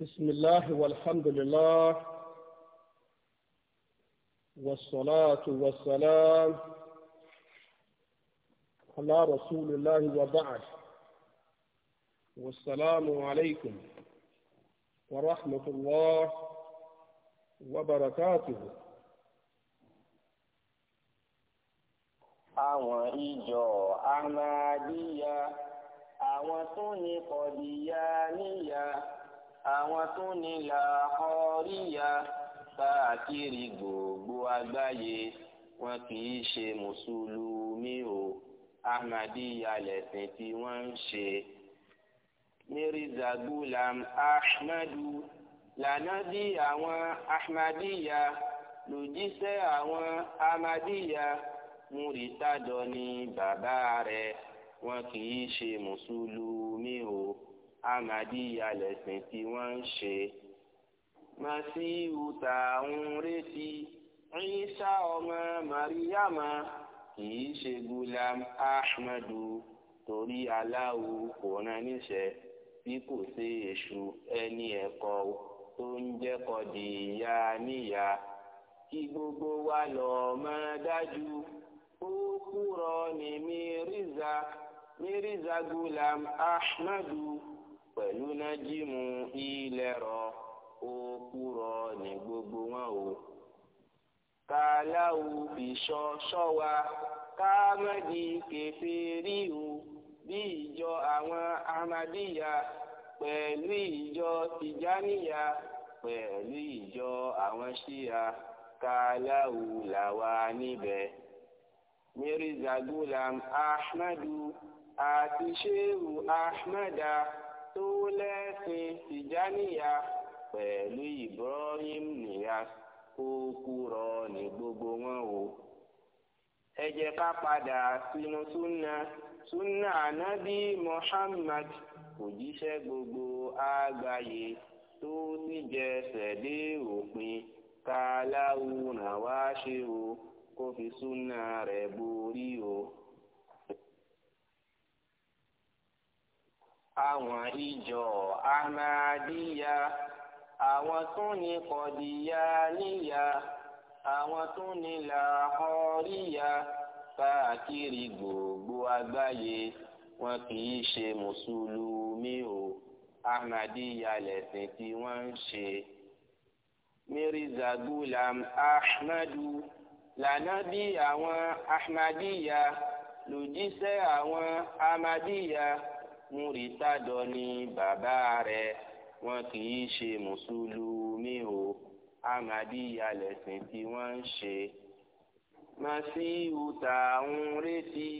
بسم الله والحمد لله والصلاة والسلام على رسول الله وبعد والسلام عليكم ورحمة الله وبركاته àwọn ìjọ àmàdíyà àwọn tó ní kọ̀díyà níyà àwọn tó ní làhọ́ríyà káàkiri gbogbo àgbáyé wọn kì í ṣe mùsùlùmí o ahmadiyya lẹ̀sìn tí wọ́n ń ṣe. mirza gulam ahmadu lànábì àwọn ahmadiyya lòjíṣẹ́ àwọn ahmadiyya múrítàdọ́ ni bàbá rẹ̀ wọn kì í ṣe mùsùlùmí o. Ahmadiyya lẹ̀sìn tí wọ́n ń ṣe. Màsíhù tá à ń retí Ìsá ọmọ Màríyàmá kìí ṣe Gulam Ahmadu torí aláwo kò rán níṣẹ́ bí kò ṣe èṣù ẹni ẹ̀kọ́ tó ń jẹ́kọ̀ di ìyá níyà kí gbogbo wa lọ mọ̀ dájú ó kúrò ní Mírízà Mírízà Gulam Ahmadu pẹ̀lú nájímù ilẹ̀rọ òkúrọ ní gbogbo wọn o. kàláwù bìṣọ ṣọ́wa káàmẹ́dì kẹfẹ́rí o bí ìjọ àwọn ahmadíyà pẹ̀lú ìjọ tìjáníyà pẹ̀lú ìjọ àwọn ṣíya kàláwù làwa níbẹ̀. Mirza Gulam Ahmadu àti Shehu Ahmada. tó lẹ́sìn tìjáníyà pẹ̀lú Ibrahim Niyas ó kúrọ ní gbogbo wọn o. ẹ jẹ́ ká padà sínú súnà súnà ànábì Muhammad òjíṣẹ́ gbogbo àgbáyé tó sì jẹsẹ̀ dé òpin ká láwùrán wá ṣe o kó fi súnà rẹ̀ borí o. àwọn ìjọ ahmadiyya àwọn tún ní kọdíyà níyà àwọn tún ní làhọríyà káàkiri gbogbo àgbáyé wọn kì í ṣe mùsùlùmí o ahmadiyya lẹ̀sìn tí wọ́n ń ṣe. mirza gulam ahmadu lànábì àwọn ahmadiyya lòjíṣẹ́ àwọn ahmadiyya múrítàdọ ni bàbá rẹ̀ wọn kì í ṣe mùsùlùmí o Ahmadiyya lẹ̀sìn tí wọ́n ń ṣe. masiu tá ń retí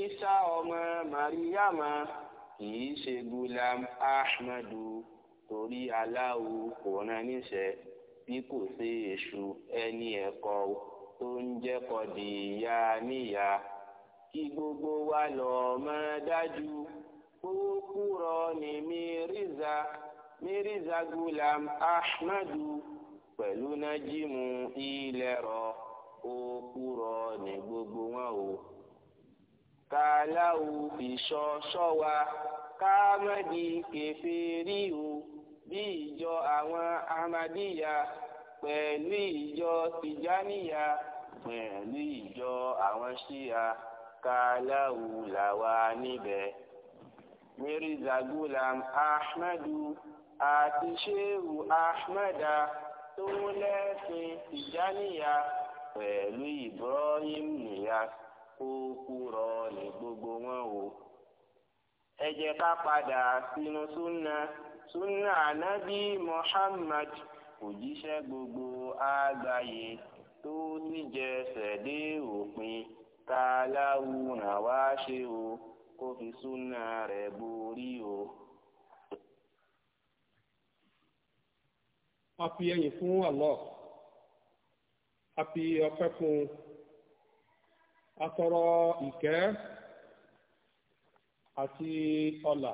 Ìsá ọmọ Màríyàmá kì í ṣe Gulam Ahmadu torí Allahu kò rán níṣẹ́ bí kò ṣe èṣù ẹni ẹ̀kọ́ tó ń jẹ́kọ̀ọ́ dìyà níyà kí gbogbo wa lọ́ọ́ mọ̀ dájú kókó rọ ní mírízà mírízà gulam ahmadu pẹ̀lú nájímù ilẹ̀rọ kókó rọ ní gbogbo wọn o. kàláwù ìṣọ́ ṣọ́wa káàmẹ́dì kẹfẹ́rí o bí ìjọ àwọn ahmadiyya pẹ̀lú ìjọ tìjáníyà pẹ̀lú ìjọ àwọn ṣíya kàláwù làwa níbẹ̀ mirza gulam ahmadu àti shehu ahmada tó lẹ́sìn tìjáníyà pẹ̀lú ibrahim niyas ó kúrọ ní gbogbo wọn o. ẹ jẹ́ ká padà sínú súnà súnà ànábì muhammad òjíṣẹ́ gbogbo àgbáyé tó níjẹsẹ̀ dé òpin tá a láwùrán wá ṣe o. kó fi súnà rẹ̀ borí o. a fi ẹyìn fún alọ, a fi ọpẹ́ fún un a tọrọ ìkẹ́ àti ọlà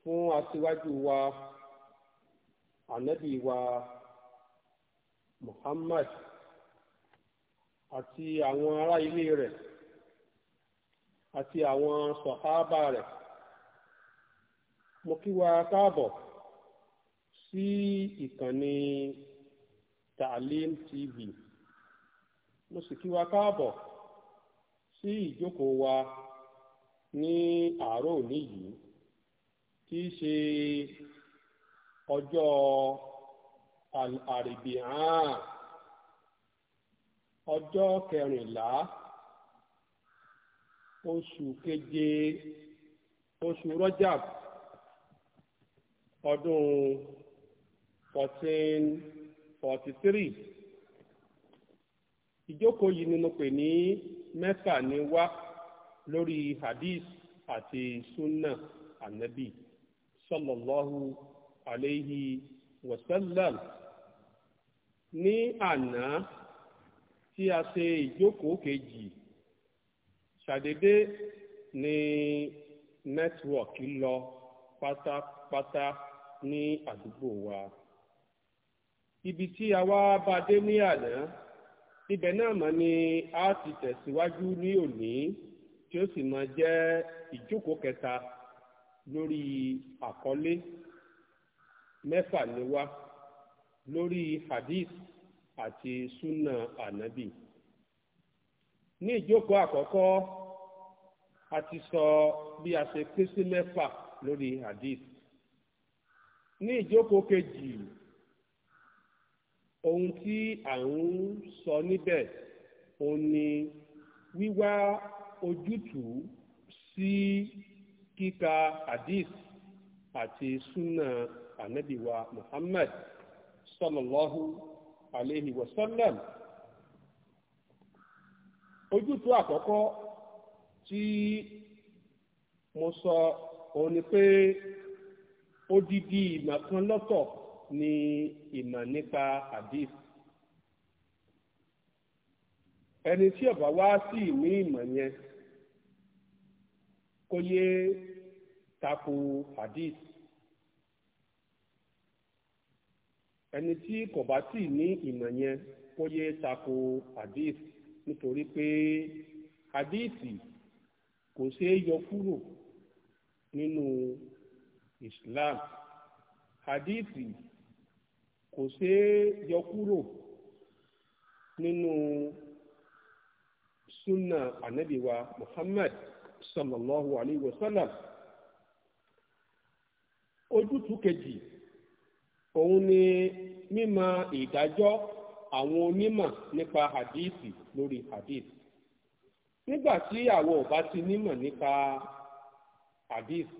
fún aṣíwájú wa ànábì wa Muhammad àti àwọn ará ilé rẹ̀. àti àwọn sọ̀hábà rẹ̀ mo kí wa káàbọ̀ sí ìkànnì Taalim TV mo sì kí wa káàbọ̀ sí ìjókòó wa ní àárọ̀ òní yìí tí í ṣe ọjọ́ àrìbìhàn ọjọ́ kẹrìnlá oṣù keje oṣù rọ́jà ọdún fourteen forty three ìjókòó yìí ni mo pè ní mẹ́fà ní wá lórí hadith àti sunna anabi sallallahu alayhi wa sallam ní àná tí a ṣe ìjókòó kejì ṣàdédé ni nẹ́tíwọ̀kì lọ pátápátá ní àdúgbò wa ibi tí a wá bá dé ní àná ibẹ̀ náà mọ̀ ni a ti tẹ̀síwájú ní òní tí ó sì máa jẹ́ ìjókòó kẹta lórí àkọlé mẹ́fà ni wá lórí hadith àti sunna anabi ní ìjókòó àkọ́kọ́ a ti sọ bí a ṣe pín sí mẹ́fà lórí hadith ní ìjókòó kejì ohun tí à ń sọ níbẹ̀ òun ni wíwá ojútùú sí kíka hadith àti súnà ànábìwa Muhammad sallallahu alayhi wa ojútùú àkọ́kọ́ tí mo sọ òun ni pé odidi ìmọ̀ kan lọ́tọ̀ ni ìmọ̀ nípa hadith ẹni tí ó bá wá sí ìmí ìmọ̀ yẹn kó yé tako hadith ẹni tí kò bá sí ní ìmọ̀ yẹn kó yé tako hadith. nítorí pé hadithi kò ṣeé yọ kúrò nínú Islam hadithi kò ṣeé yọ kúrò nínú sunna anabiwa Muhammad sallallahu alayhi wa sallam ojútùú kejì òun ni mímọ̀ ìdájọ́. àwọn onímọ̀ nípa hadithi lórí hadith nígbà tí àwọn ò bá ti nímọ̀ nípa hadith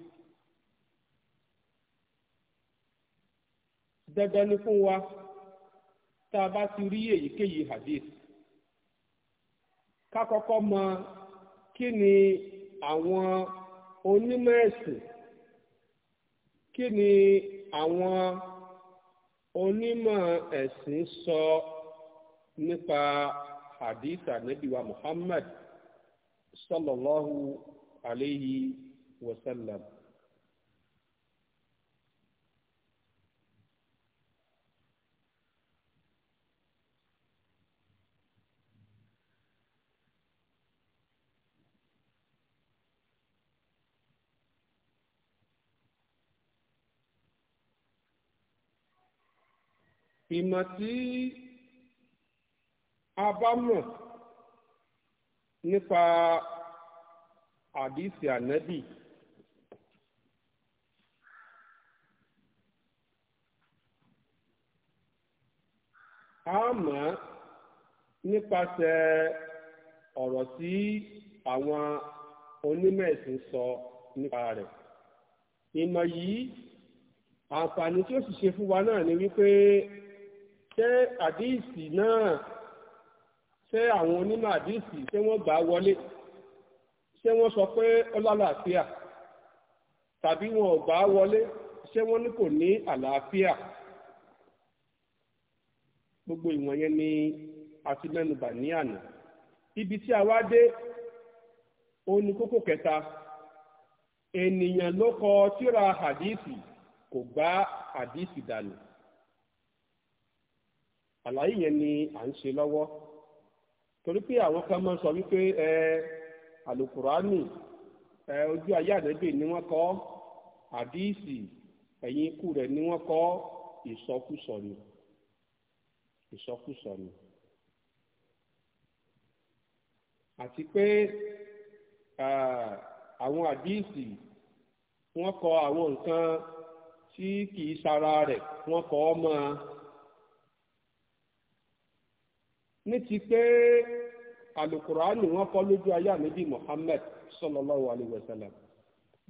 dandan ni fún wa tá a bá ti rí èyíkéyìí hadith ká kọ́kọ́ mọ̀ kí ni àwọn onímọ̀ ẹ̀sìn kí ni àwọn onímọ̀ ẹ̀sìn sọ nípa hadith anabi wa muhammad sallallahu alayhi wa sallam. ìmọ̀ tí a bá mọ̀ nípa àdìsí ànábì a mọ̀ nípasẹ̀ ọ̀rọ̀ tí àwọn onímọ̀ ẹ̀sìn sọ nípa rẹ̀ ìmọ̀ yìí àǹfààní tí ó sì ṣe fún wa náà ni wípé ṣé àdìsí náà ṣé àwọn onímọ̀ hadithi ṣé wọ́n gbà wọlé ṣé wọ́n sọ pé ó lálàáfíà tàbí wọn ò gbà wọlé ṣé wọ́n ní kò ní àlàáfíà gbogbo ìwọ̀n yẹn ni a ti mẹ́nubà ní àná ibi tí a wá dé ó ní kókó kẹta ènìyàn ló kọ tírà hadisi kò gbá hadisi dànù àlàyé yẹn ni à ń ṣe lọ́wọ́. torí pé àwọn kan máa ń sọ wípé ẹ alukurani ẹ ojú ayé àdẹ́gbè ni wọ́n kọ́ àdíìsì ẹ̀yìn ikú rẹ̀ ni wọ́n kọ́ ìsọkúsọ ni ìsọkúsọ ni àti pé àwọn àdíìsì wọ́n kọ àwọn nǹkan tí kì í sara rẹ̀ wọ́n kọ́ ọ́ máa. ní ti pé alukurani kọ lójú ayé ànábì mohammed sallallahu alayhi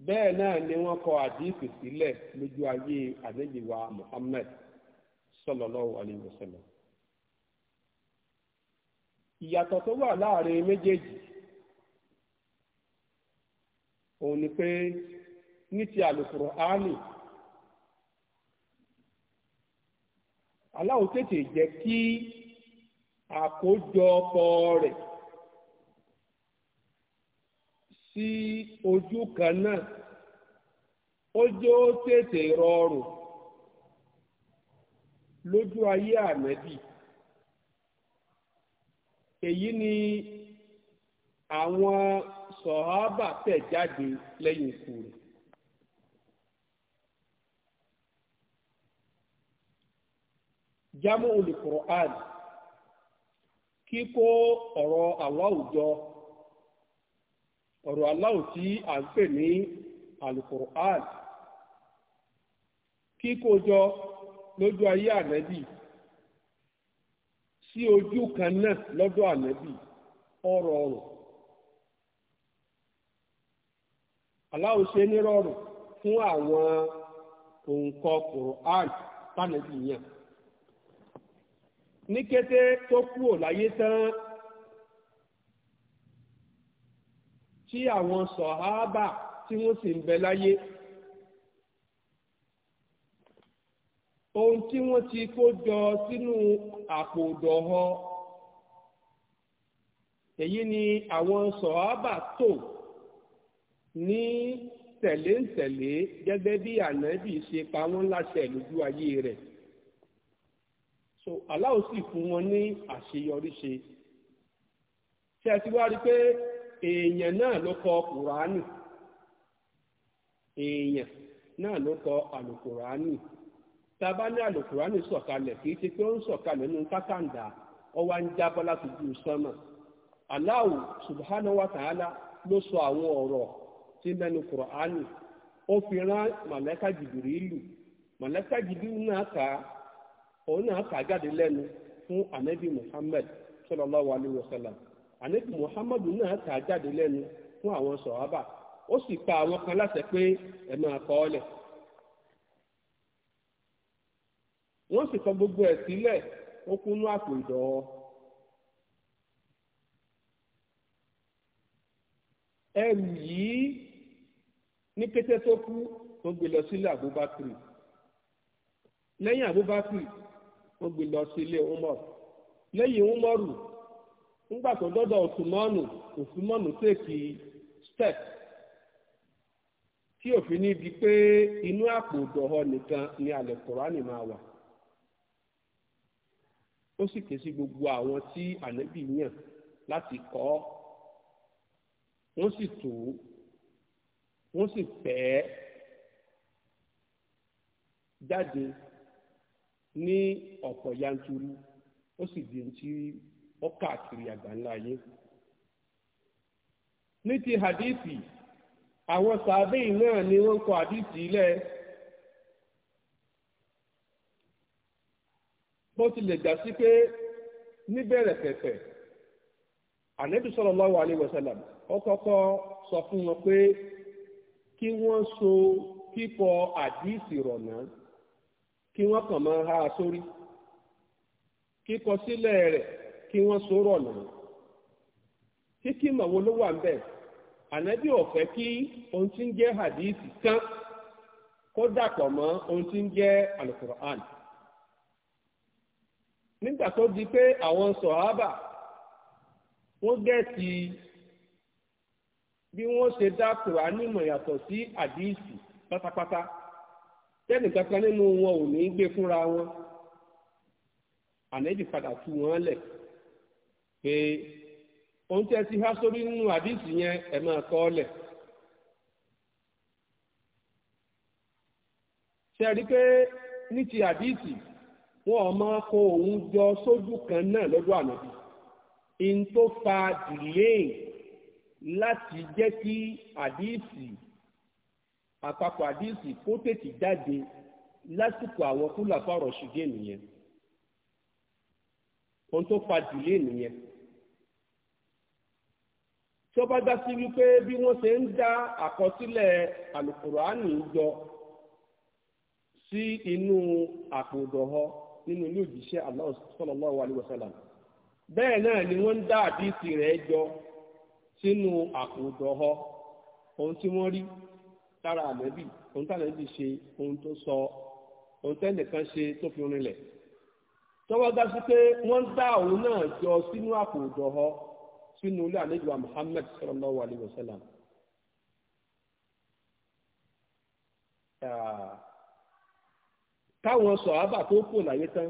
bẹ́ẹ̀ náà ni kọ àdìsí sílẹ̀ lójú ayé wa Muhammad sallallahu ìyàtọ̀ tó wà láàrin méjèèjì òun ni pé ní ti àlùkùránì tètè jẹ́ àkójọpọ̀ rẹ̀ sí ojú kan náà ó jẹ́ ó tètè rọrùn lójú ayé ànábì èyí ni àwọn sọ̀hábà tẹ̀ jáde lẹ́yìn ikú rẹ̀. jamu ul Qur'an kíkó ọ̀rọ̀ aláwùjọ ọ̀rọ̀ aláwù tí ní ń pè kíkó jọ lójú ayé ànẹ́bì sí ojú kan náà lọ́dọ̀ ànẹ́bì ọ̀rọ̀ ọ̀rọ̀ aláwù ṣe nírọ̀rùn fún àwọn òǹkọ kur'an tánẹ́bì yàn ní kété tó kúrò láyé tán tí àwọn sọ̀háábà tí wọ́n sì ń bẹ láyé ohun tí wọ́n ti kó jọ sínú àpò ìdọ̀họ èyí ni àwọn sọ̀háábà tò ní tẹ̀léǹtẹ̀lé gẹ́gẹ́ bí ànábì ṣe pa wọ́n láṣẹ lójú ayé rẹ̀. so Allah sì fún wọn ní àṣeyọrí ṣe ṣé ẹ ti wá rí pé èèyàn náà ló kọ kùránì èèyàn náà ló kọ àlùkùránì tá a bá ní àlùkùránì sọ̀kalẹ̀ kì í ṣe pé ó ń sọ̀kalẹ̀ nínú sọ àwọn ọ̀rọ̀ tí kùránì ó fi rán màlẹ́kà jìbìrì ìlú màlẹ́kà jìbìrì òun náà kà jáde lẹ́nu fún anabi muhammed sallallahu alayhi wa sallam anabi muhammed náà kà jáde lẹ́nu fún àwọn sọ̀hábà ó sì pa àwọn kan láṣẹ pé ẹ máa kọ ọ́ lẹ̀. wọ́n gbogbo ẹ̀ sílẹ̀ ó kúnú àpò ìdọ̀ ẹrù yìí ní kété tó kú tó gbé lọ sílé Abubakar lẹ́yìn ó gbé lọ sí ilé umar lẹ́yìn umaru ńgbà tó dọ́dọ̀ òsùmọ́nù òsùmọ́nù tèkì step tí òfin ní di pé inú àpò dọ̀họ nìkan ni alẹ́ kùránì máa wà ó sì ké sí gbogbo àwọn tí ànábì yàn láti kọ́ wọ́n sì tó wọ́n sì pẹ́ jáde ní ọ̀pọ̀ yanturu ó sì di ti ó káàkiri àgbáńlá niti ní ti hadithi àwọn sàbẹ́yì náà ni wọ́n kọ hadithi ilẹ̀ bó tilẹ̀ gbà sí pé níbẹ̀rẹ̀ pẹ̀pẹ̀ ànábì sallallahu alaihi wasallam ó kọ́kọ́ sọ fún wọn pé kí wọ́n so kíkọ hadithi rọ̀ náà. kí wọ́n kàn máa ha sórí kíkọ sílẹ̀ rẹ̀ kí wọ́n sọ̀rọ̀ náà kíkí màwo ló wà ńbẹ̀ ànábì ọ̀fẹ́ kí ohun ti ń jẹ́ hadith tán kó dàpọ̀ mọ́ ohun ti ń jẹ́ alukur'an nígbà tó di pé àwọn sọ̀hábà wọ́n gẹ̀ẹ́sì bí wọ́n ṣe dá kùránì mọ̀ yàtọ̀ sí hadith pátápátá. tẹ́nìkan kan nínú wọn ò ní gbé fúnra wọn ànẹ́jì padà tú wọn lẹ̀ pé ohun tẹ́ ti há sórí nínú àdìsí yẹn ẹ̀ máa kọ́ ọ lẹ̀. ṣe rí pé ní kan náà ànábì tó fa láti jẹ́ kí àdìsí àpapọ̀ àdíìsì kó tètè jáde lásìkò àwọn kúlàfà rọ̀ṣùdíè nìyẹn ohun tó fa dìlé nìyẹn tí ó bá dá sí wípé bí wọ́n ṣe ń dá àkọsílẹ̀ àlùkùránì jọ sí inú àpòdọ̀họ nínú ilé òjíṣẹ́ Allah sallallahu bẹ́ẹ̀ náà ni wọ́n ń dá àdíìsì rẹ̀ jọ sínú àpòdọ̀họ ohun tí wọ́n rí Tara ànábì ohun tànábì ṣe ohun tó sọ ohun tẹ́nìkan ṣe tó fi rinlẹ̀ tọ́wọ́ dá sí pé wọ́n dá òun náà jọ sínú àpò ìdọ̀họ́ sínú ilé àlejò Muhammad sallallahu alayhi wa sallam. táwọn sọ̀hábà tó kù láyé tán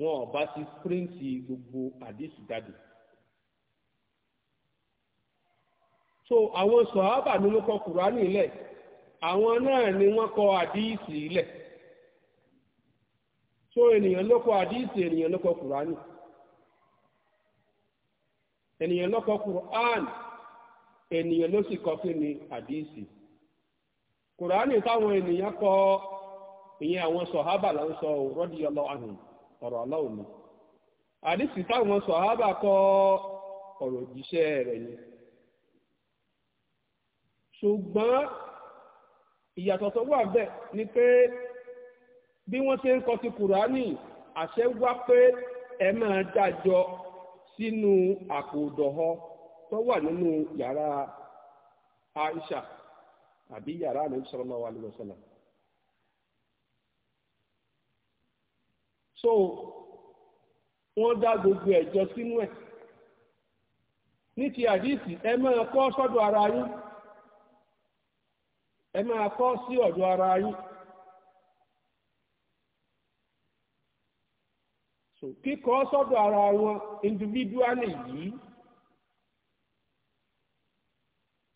wọn ò bá ti píríǹtì gbogbo àdìsí jáde. so àwọn sọ̀hábà ni wọ́n kọ kùránì lẹ̀ àwọn náà ni wọ́n kọ àdíìsì lẹ̀ so ènìyàn ló kọ àdíìsì ènìyàn ló kọ kùránì ènìyàn ló kọ kùránì ènìyàn ló sì kọ kí ni àdíìsì kùránì táwọn ènìyàn kọ ìyẹn àwọn sọ̀hábà là ń sọ radiyallahu anhum ọ̀rọ̀ aláwọ̀ ni àdíìsì táwọn sọ̀hábà kọ ọ̀rọ̀ òjíṣẹ́ rẹ̀ ni. ṣùgbọ́n ìyàtọ̀ tó wà bẹ́ẹ̀ ni pé bí wọ́n ṣe ń kọ ti kùránì àṣẹ wá pé ẹ máa dájọ sínú àpò tó wà nínú yàrá Aisha àbí yàrá Ànábì sallallahu so wọ́n dá gbogbo ẹ̀jọ sínú ẹ̀ ní ti àdíìsì ẹ máa kọ́ sọ́dọ̀ ara yín. ẹ máa kọ́ sí ọ̀dọ̀ ara yín. kíkọ́ sọ́dọ̀ ara wọn individually yìí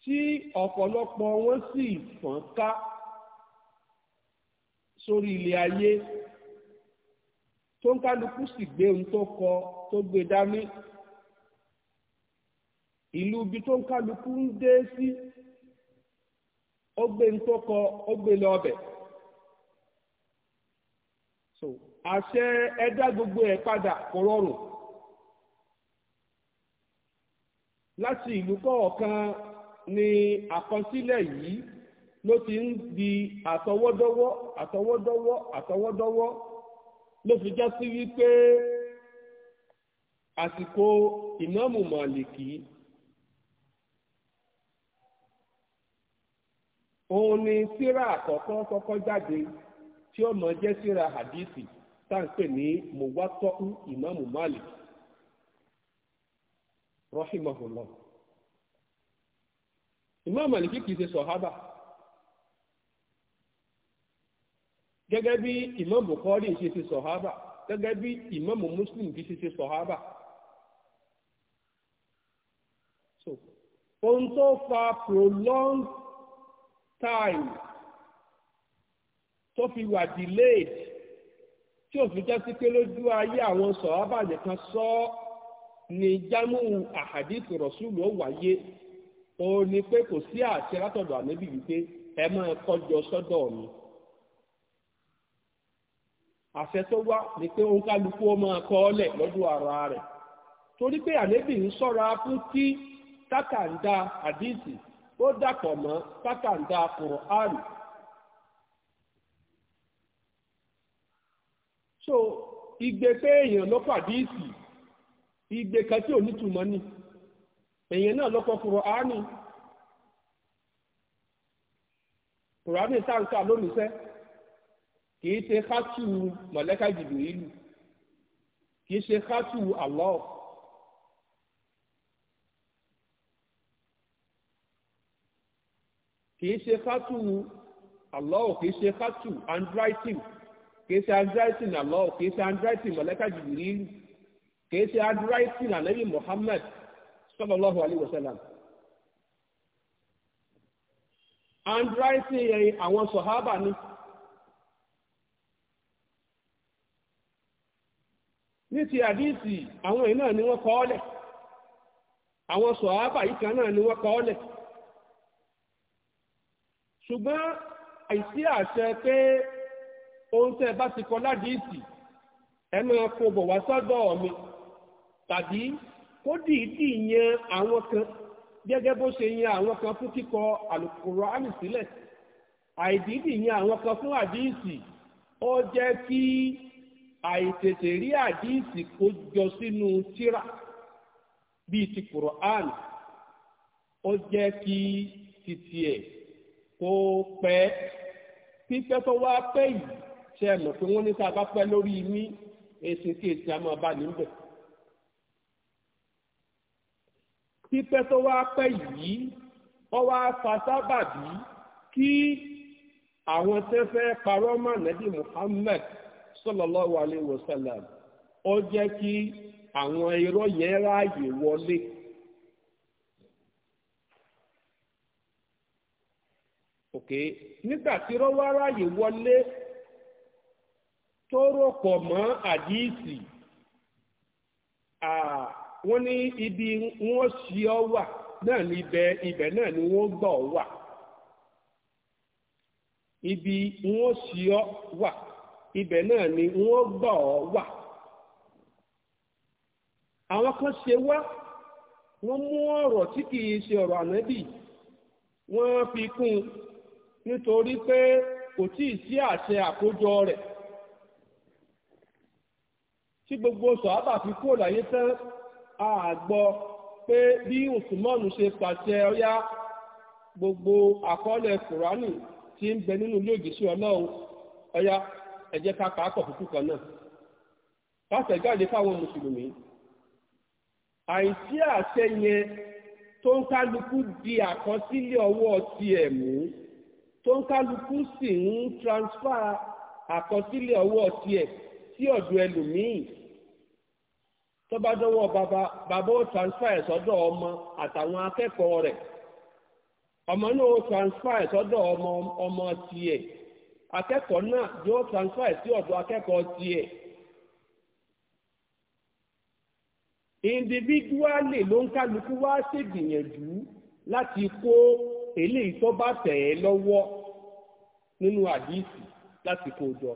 tí ọ̀pọ̀lọpọ̀ wọn sì fọ́n ká sórí ilé ayé tó ń kálukú sì gbé ohun tó kọ tó gbé dání ìlú ibi tó ń kálukú ń dé sí. Si ó gbé ń tó kọ ó gbé lọ ọbẹ̀ so àṣẹ ẹdá gbogbo ẹ padà kò rọrùn láti ìlú kọ̀ọ̀kan ni àkọsílẹ yìí ló ti ń di àtọwọ́dọ́wọ́ àtọwọ́dọ́wọ́ àtọwọ́dọ́wọ́ ló fi já sí wípé àsìkò ìmáàmù Màlìkì òun ni síra àkọ́kọ́ kọ́kọ́ jáde tí ó mọ̀ jẹ́ síra hadithi tá à ń pè ní ìmáàmù Malik rahimahullah ìmáàmù Malik kìí ṣe sọ̀hábà gẹ́gẹ́ bí ìmáàmù Bukhari ṣe ṣe sọ̀hábà gẹ́gẹ́ bí ìmáàmù Muslim kìí ṣe ṣe ohun tó fa prolonged time tó fi wà delayed tí òfin jẹ́ sí pé lójú ayé àwọn sọ̀hábà nìkan sọ ọ́ ni jámù àhàdìsì rọ̀ṣùlù ó wáyé ó ní pé kò sí látọ̀dọ̀ wípé ẹ máa kọjọ sọ́dọ̀ mi àṣẹ tó wá ni pé òun kálukú ó máa kọ́ ọ́lẹ̀ lọ́dún ara rẹ̀ torí pé ń sọ́ra fún ó dàpọ̀ mọ́ kàkàǹdà Quran so igbe pé èèyàn ló pàdé ìsì igbe kan tí ò nítumọ̀ ni èèyàn náà ló kọ Quran Quran sáǹkà lónìí sẹ́ kìí ṣe kátù mọ̀lẹ́kà jìbìrì ìlú kìí ṣe kátù Allah. kìí ṣe kátù àlọ́ọ̀ kìí ṣe kátù handwriting kìí ṣe handwriting àlọ́ọ̀ kìí ṣe handwriting mọ̀lẹ́kà jìbìrìlù kìí ṣe handwriting sallallahu alayhi wa andraitin handwriting yẹn eh, àwọn sọ̀hábà ni. ní ti àdíìsì àwọn yìí náà ni wọ́n kọ́ ọ́lẹ̀ àwọn sọ̀hábà yìí ni wọ́n kọ́ ṣùgbọ́n àìsí àṣẹ pé ohun tẹ́ ẹ bá ti kọ ládìísì ẹnu ẹ̀kọ́ bọ̀ wá sọ́dọ̀ mi tàbí kó dìídì yan àwọn kan gẹ́gẹ́ bó ṣe yan àwọn kan fún kíkọ Al-Kùránì sílẹ̀ àìdìídì yan àwọn kan fún àdìísì ó jẹ́ kí àìtètè rí àdìísì kó jọ sínú tírà bíi ti Kùránì ó jẹ́ kí titi ẹ̀ kó pẹ́ pípẹ́ tó wá pẹ́ yìí ṣe é mọ̀ pé wọ́n ní sábà pẹ́ lórí ní èsì kí èsì àmọ́ bá níbẹ̀. pípẹ́ tó wá pẹ́ yìí wọ́n wá fa sábàbí kí àwọn tẹ́ fẹ́ parọ́ mọ́ nàbí Muhammad sallallahu alaihi wasallam ó jẹ́ kí àwọn irọ́ yẹn ráàyè wọlé. òkè nígbà tí rọ́wọ́ aráyè wọlé tó rò pọ̀ mọ́ àdíìsì wọ́n ní ibi wọ́n ṣí ọ wà náà ní ibẹ̀ náà ni wọ́n gbọ́ ọ wà ibi wọ́n ṣí ọ wà ibẹ̀ náà ni wọ́n gbọ́ ọ wà àwọn kan ṣe wá wọ́n mú ọ̀rọ̀ tí kìí ṣe ọ̀rọ̀ ànábì wọ́n fi kún un nítorí pé kò tíì sí àṣẹ àkójọ rẹ̀ tí gbogbo sọ̀hábà fi kúrò láyé tán a gbọ́ pé bí Usman ṣe pàṣẹ ọyá gbogbo àkọọ́lẹ̀ kùránì tí ń bẹ nínú ilé ọlọ́run ọyá ẹ ká pàápọ̀ kúkú kan náà látẹ̀jáde fáwọn mùsùlùmí àìsí àṣẹ yẹn tó ń kálukú di àkọsílẹ̀ ọwọ́ tiẹ̀ mú tó ń kálukú sì ń transfer àkọsílẹ̀ ọwọ́ tiẹ̀ sí ọ̀dọ̀ ẹlòmíì tó bá dọ́wọ́ bàbá bàbá ó transfer ẹ̀ sọ́dọ̀ ọmọ àtàwọn akẹ́kọ̀ọ́ rẹ̀ ọmọ náà ó transfer ẹ̀ sọ́dọ̀ ọmọ ọmọ tiẹ̀ akẹ́kọ̀ọ́ náà yóò transfer ẹ̀ sí ọ̀dọ̀ akẹ́kọ̀ọ́ tiẹ̀ individually ló ń kálukú wá ṣègbìyànjú láti kó eléyìí tó bá tẹ̀ ẹ́ lọ́wọ́ nínú àdìsí láti kó jọ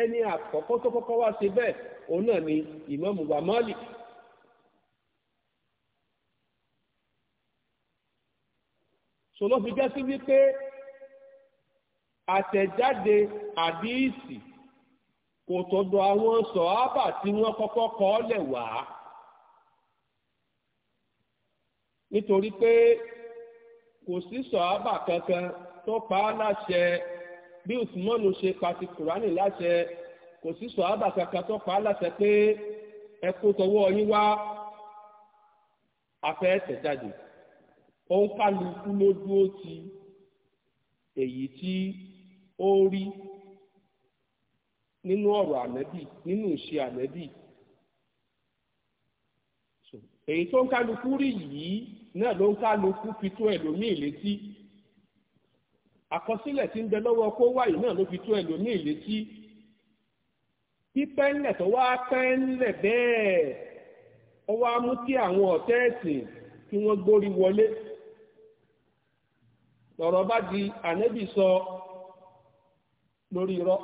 ẹni àkọ́kọ́ tó kọ́kọ́ wá ṣe bẹ́ẹ̀ òun náà ni ìmáàmù wa Malik sọlọ́ fi jẹ́ sí wípé àtẹ̀jáde àdìsí kò tọ̀dọ̀ àwọn sọ̀hábà tí wọ́n kọ́kọ́ kọ́ lẹ̀ wá nítorí pé kò sí sọ̀hábà kankan tó pa á láṣẹ bí Usmanu ṣe pa ti Kùránì láṣẹ kò sí sọ̀hábà kankan tó pa á láṣẹ pé ẹ kó tọwọ́ yín wá afẹ́ ẹ̀sẹ̀ jáde òun kálukú ló dúró ti èyí tí ó rí nínú ọ̀rọ̀ ànẹ́bì nínú ìṣe ànẹ́bì èyí tó ń kálukú rí yìí náà ló ń kálukú fi tó ẹlòmíì létí àkọsílẹ̀ tí ń bẹ lọ́wọ́ kó wáyé náà ló fi tó ẹlòmíì létí pípẹ́ńlẹ̀ tó wá pẹ́ńlẹ̀ bẹ́ẹ̀ ó wá mú kí àwọn ọ̀tẹ́ ẹ̀sìn kí wọ́n gbórí wọlé lọ́rọ̀ bá di ànẹ́bì sọ lórí irọ́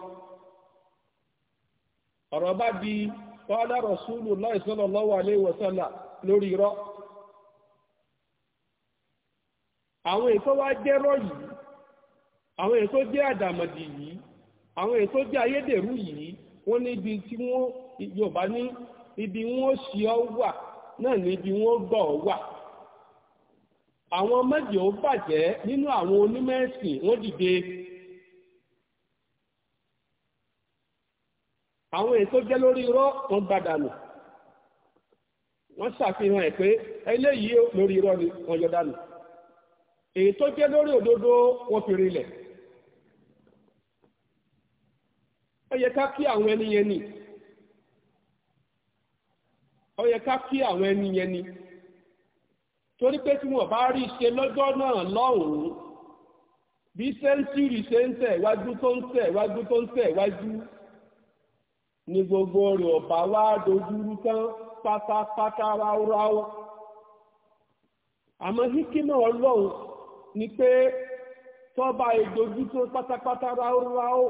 ọ̀rọ̀ bá di qala Rasulullahi sallallahu alaihi wasallam lórí irọ́ àwọn èso wá jẹ́rọ́ yìí àwọn èso jẹ́ àdàmọ̀dì yìí àwọn èso jẹ́ ayédèrú yìí wọ́n níbi tí wọ́n Yorùbá ní ibi wọ́n ṣì ọ́ wà náà níbi wọ́n gbọ́ ọ wà àwọn méjì ó bàjẹ́ nínú àwọn onímẹ̀sìn wọ́n dìde àwọn èso jẹ́ lórí irọ́ wọ́n gbàdànù. wọ́n ṣàfihàn ẹ̀ pé eléyìí lórí irọ́ ni wọ́n yọ dànù èyí tó jẹ́ lórí òdodo wọ́n fi rinlẹ̀ ó yẹ ká kí àwọn ẹni yẹn ni ó yẹ ká kí àwọn ẹni yẹn ni torí pé tí wọ́n bá rí ṣe lọ́jọ́ náà lọ́hùn-ún bí sẹ́ńtúrì ṣe ń tẹ̀ wájú tó ń tẹ̀ wájú tó ń tẹ̀ wájú ni gbogbo rẹ̀ ọ̀bá wá dojú rú tán pátápátá ráúráú àmọ́ hikima ọlọ́run ni pé tọ́ba ìdojú tó pátápátá ráúráú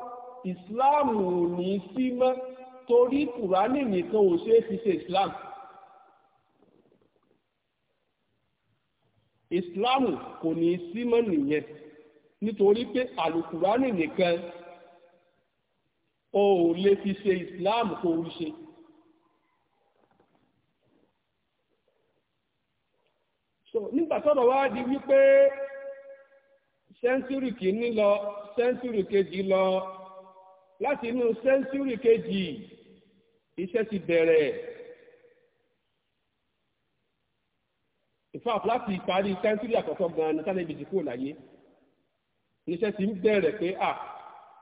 ìsìláàmù ò ní sí mọ́ torí kùránì nìkan ò ṣeé fi ṣe ìsìláàmù. ìsìláàmù kò ní sí mọ́ nìyẹn nítorí pé àlùkùránì nìkan o ò lè fi ṣe ìsìláàmù kò rí ṣe. nígbà tọ́rọ̀ wá di wípé sẹ́ńtúrì kìíní lọ sẹ́ńtúrì kejì lọ láti inú sẹ́ńtúrì kejì iṣẹ́ ti bẹ̀rẹ̀ in fact láti ìparí sẹ́ńtúrì àkọ́kọ́ gan-an ní sálẹ̀ ìbìdì kúrò láyé iṣẹ́ ti ń bẹ̀rẹ̀ pé à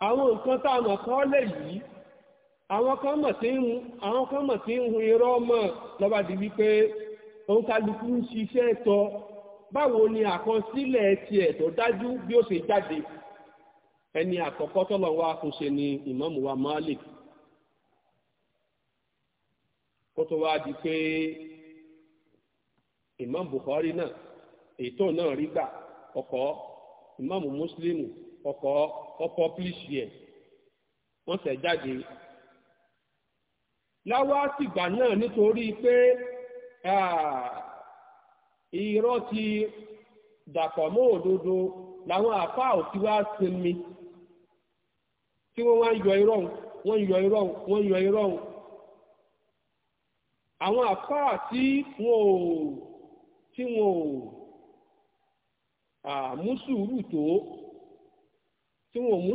àwọn nǹkan tá a mọ̀ kọ́ lẹ̀ yìí àwọn kan mọ̀ sí ń àwọn kan mọ̀ sí ń hun irọ́ mọ̀ lọ́ba di wípé òun kálukú ń ṣiṣẹ́ tọ́ báwo ni àkọsílẹ̀ tiẹ̀ tó dájú bí ó ṣe jáde ẹni àkọ́kọ́ tọ́lọ̀ wa kò ṣe ni ìmáàmù wa Malik kó tó wá di pé Imam Bukhari náà ètò náà rí gbà ọkọ̀ Imam Muslim ọkọ̀ ọkọ̀ pílíṣì ẹ̀ wọ́n tẹ̀ jáde láwá sìgbà náà nítorí pé ah, irọ́ ti dàpọ̀ mọ́ òdodo làwọn àfáà ò ti wá sinmi tí wọ́n wá ń yọ irọ́ wọ́n yọ irọ́ wọ́n yọ irọ́ àwọn àfáà tí wọn ò tí wọn ò mú sùúrù tó tí ò mú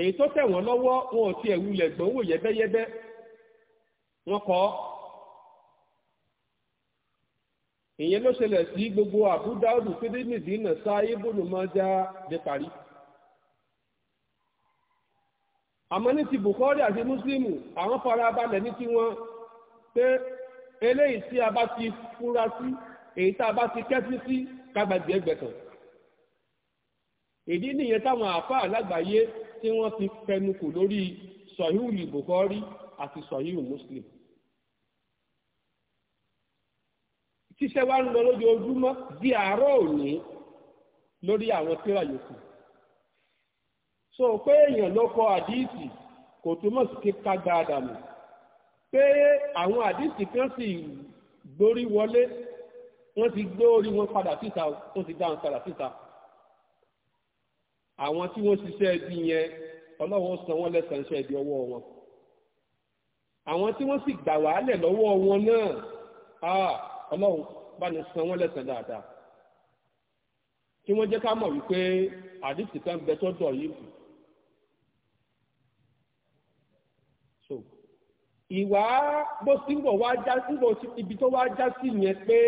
èyí tó tẹ̀ wọ́n lọ́wọ́ wọn ò tiẹ̀ wulẹ̀ gbọ́n wò wọn kọ́ ìyẹn ló ṣẹlẹ̀ sí gbogbo Abu Dawud fídímìdì náà sáyé bónú máa já dé parí àmọ́ ní ti Bukhari àti Muslimu àwọn farabalẹ̀ ní tiwọn pé eléyìí tí a bá ti fura sí èyí tá a bá ti kẹ́sí sí kágbàgbé ẹgbẹ̀tàn ìdí nìyẹn táwọn àáfàá lágbàáyé tí wọ́n ti fẹnukò lórí sọ̀híù Bukhari àti sọ̀híù Muslim tíṣẹ́ wá ń lọ lójoojúmọ́ di àárọ̀ òní lórí àwọn tíra yòókù so pé èèyàn ló kọ àdíìsì kò túmọ̀ sí kí ká gba àdàmù pé àwọn àdíìsì kan sì gborí wọlé wọ́n ti gbé orí wọn padà síta wọ́n ti dá wọn padà síta àwọn tí wọ́n ṣiṣẹ́ ẹbí yẹn ọlọ́wọ́ san wọ́n lẹ́sàn-án iṣẹ́ ẹbí ọwọ́ wọn àwọn tí wọ́n sì gbà wàálẹ̀ lọ́wọ́ wọn náà ah, ọlọ́run bá ní san wọ́n lẹ́sẹ̀ dáadáa kí wọ́n jẹ́ ká mọ̀ wípé àdìsí kan bẹ yìí so ìwà bó ń ibi tó wá já sí yẹn pé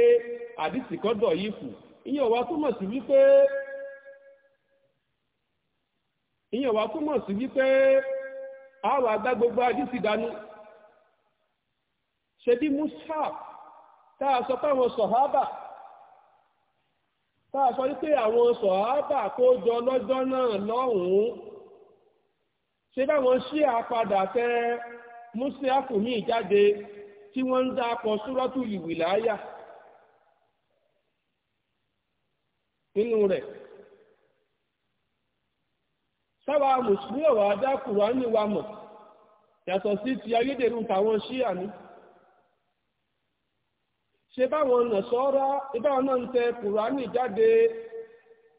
àdìsí kan dọ̀ yìí kù ìyẹn wá túmọ̀ sí wípé ìyẹn wá túmọ̀ sí wípé àwọn àgbà gbogbo àdìsí dání ṣe bí tá a sọ pé àwọn sọ̀hábà tá a sọ wípé àwọn sọ̀hábà kó jọ lọ́jọ́ náà lọ́hùn-ún ṣé báwọn ṣí àpadà tẹ mùsíàfù míì jáde tí wọ́n ń dá akọ súrọ́tù ìwìláyà nínú rẹ̀ sábà mùsùlùmí ọ̀wà dá kùránì wa mọ̀ yàtọ̀ sí ti ayédèrú tàwọn ṣíà ni. ṣe báwọn nàṣọ́rá ìbáwọn náà ń tẹ kùránì jáde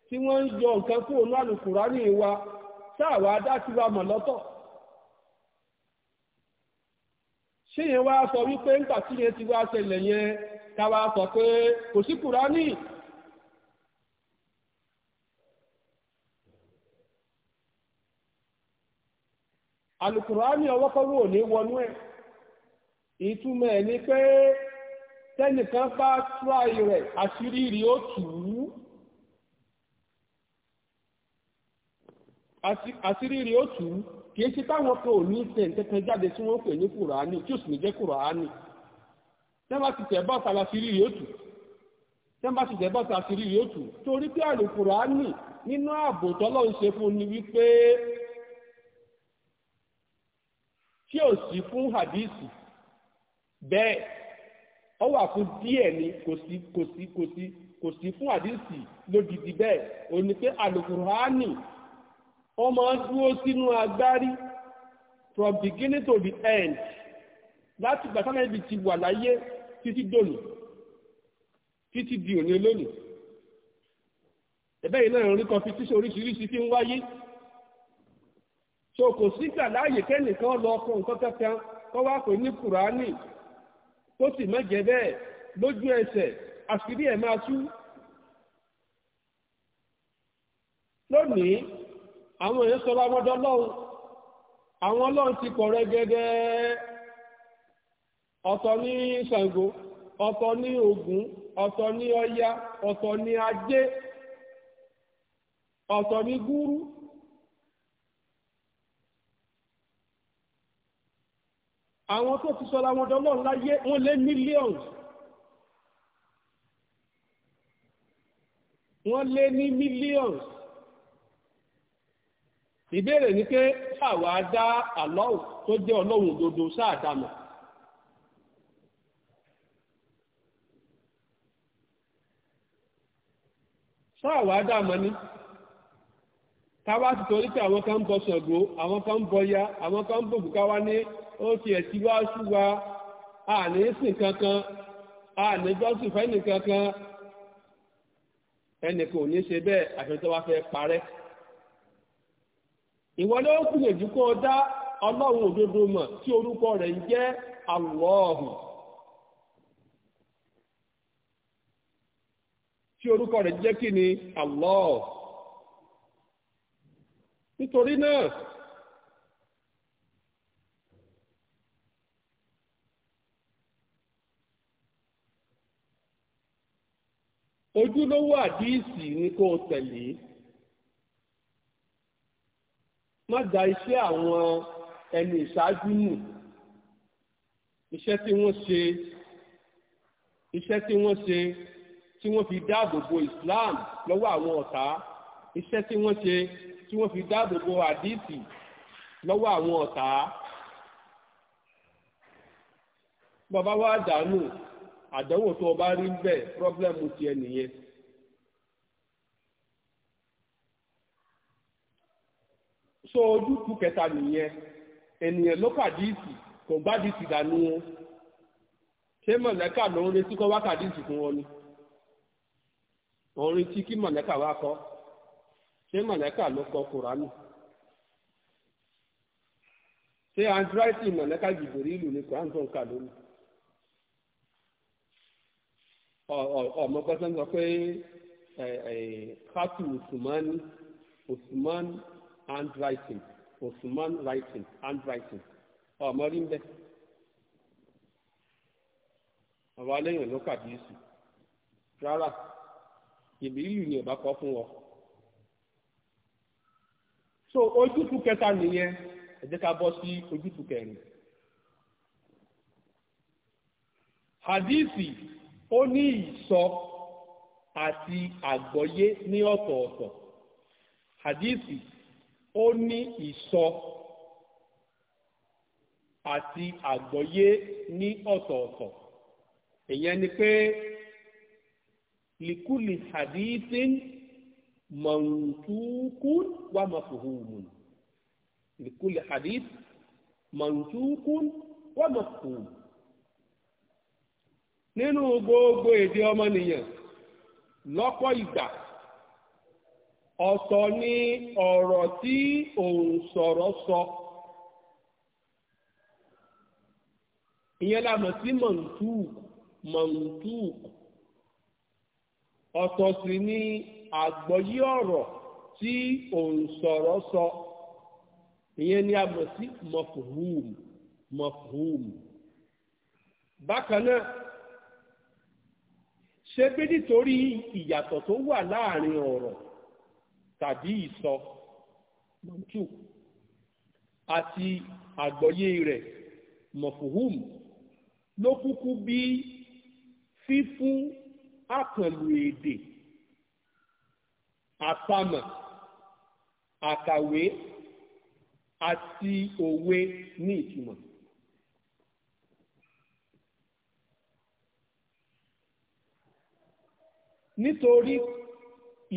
tí wọ́n ń yọ nǹkan kúrò náà lù kùránì wa sáàwá dá tiwa mọ̀ lọ́tọ̀ ṣé yẹn wá sọ wípé nígbà tí yẹn ti wá ṣẹlẹ̀ yẹn ká wá sọ pé kò sí kùránì alukurani ọwọ́kọ́wọ́ ò ní wọnú ẹ̀ ìtumọ̀ ẹ̀ ni pé tẹ́nìkan bá tíráì rẹ̀ àṣírí rí ó tù ú àṣírí rí ó tù ú kìí ṣe táwọn kan ò ní tẹ̀ nǹkan jáde tí wọ́n pè ní kùràánì tí sì ní jẹ́ kùràánì ti tẹ̀ àṣírí rí ó tù rí ó tù torí nínú ààbò tọ́lọ́ ń ṣe fún ni wípé tí ò sí fún hadisi bẹ́ẹ̀. ó wà fún díẹ̀ ni kò sí kò sí kò sí kò sí fún àdìsí lódìdí bẹ́ẹ̀ ó ní pé alukurani ó máa ń dúró sínú agbárí from beginning to the end láti gbà ibi ti wà láyé títí dòní títí di òní lónìí ẹ̀bẹ́ yìí náà rí kọfítíṣẹ́ oríṣiríṣi tí ń wáyé so kò sígbà láàyè kẹ́nìkan lọ fún nǹkan kẹta kọ́ wá pè ní kùránì kó sì má jẹ́ bẹ́ẹ̀ lójú ẹsẹ̀ àṣírí ẹ̀ máa tú. lónìí àwọn èèyàn sọ lọ́wọ́dọ́ lọ́hùn àwọn ọlọ́run ti pọ̀ gẹ́gẹ́ ọ̀tọ̀ ní Ṣàngó ọ̀tọ̀ ní Ògún ọ̀tọ̀ ní Ọya ọ̀tọ̀ ní Ajé ọ̀tọ̀ ní Gúrú àwọn tó ti sọra wọn dọ́lọ́ láyé wọ́n lé millions. wọ́n lé ní mílíọ̀nù ìbéèrè ni pé sáàwá dá àlọ́ọ̀ tó jẹ́ ọlọ́run òdodo sáàdámọ̀ sáàwá dámọ̀ ní táwa ti torí pé àwọn kan ń bọ Ṣàngó àwọn kan ń bọ ya àwọn kan ń bọ ní O tiẹ̀ wá a ní kankan a ní jọ́sìn fẹ́ni kankan ẹnìkan ò ní ṣe bẹ́ẹ̀ a wá fẹ́ parẹ́ ìwọ ló ń gbìyànjú o dá ọlọ́run òdodo mọ̀ tí orúkọ rẹ̀ ń jẹ́ Allahu tí orúkọ rẹ̀ jẹ́ kí ni nítorí náà ojúlówó àdíìsì ni kó o tẹ̀lé má da iṣẹ́ àwọn ẹni ìṣáájú nù iṣẹ́ tí wọ́n ṣe iṣẹ́ tí wọ́n ṣe tí wọ́n fi dáàbò bo Islam lọ́wọ́ àwọn ọ̀tá iṣẹ́ tí wọ́n ṣe tí wọ́n fi dáàbò bo àdíìsì lọ́wọ́ àwọn ọ̀tá bàbá wa dànù àdánwò tó o bá rí bẹ́ẹ̀ pírọ́blẹ́mù tiẹ̀ nìyẹn. so ojútùú kẹta nìyẹn ènìyàn ló kàdíìsì kò gbádìísì dànù wọn ṣé mọ̀lẹ́kà ló ń retí kó wá kàdíìsì fún wọn ni orin tí kí mọ̀lẹ́kà wá kọ́ ṣé mọ̀lẹ́kà ló kọ kùránù ṣé andrew mọ̀lẹ́kà jìbìrì ìlú ni kùránù tó ń ọmọ sọ pé kátù usman usman handwriting usman writing handwriting ọmọ rí mbẹ àwọn aléyìn ló kàbíyèsí rárá ìbílù ni ọba kọ fún wọn so ojútùú kẹta nìyẹn ẹ ká bọ́ sí ojútùú kẹrin hadithi ó ní ìsọ àti àgbọ́yé ní ọ̀tọ̀ọ̀tọ̀ hadisi ó ní ìsọ àti àgbọ́yé ní ọ̀tọ̀ọ̀tọ̀ ìyẹn ni pé likuli hadisin mantukun wa mafuhumun likuli hadis mantukun wa mafuhumun nínú gbogbo èdè ọmọnìyàn lọ́pọ̀ ìgbà ọ̀tọ̀ ni ọ̀rọ̀ tí òun sọ̀rọ̀ sọ ìyẹn la mọ̀ sí mọ̀ntúùkù mọ̀ntúùkù ọ̀tọ̀ sì ni àgbọ́yé ọ̀rọ̀ tí òun sọ̀rọ̀ sọ ìyẹn ni a mọ̀ sí mọ̀fùhùm mọ̀fùhùm bákan náà ṣé pé nítorí ìyàtọ̀ tó wà láàrin ọ̀rọ̀ tàbí ìsọ mọ̀tù àti àgbọ́yé rẹ̀ mọ̀fùhùm ló kúkú bí fífún àkànlò èdè àpamọ̀ àkàwé àti òwe ní ìtumọ̀. nítorí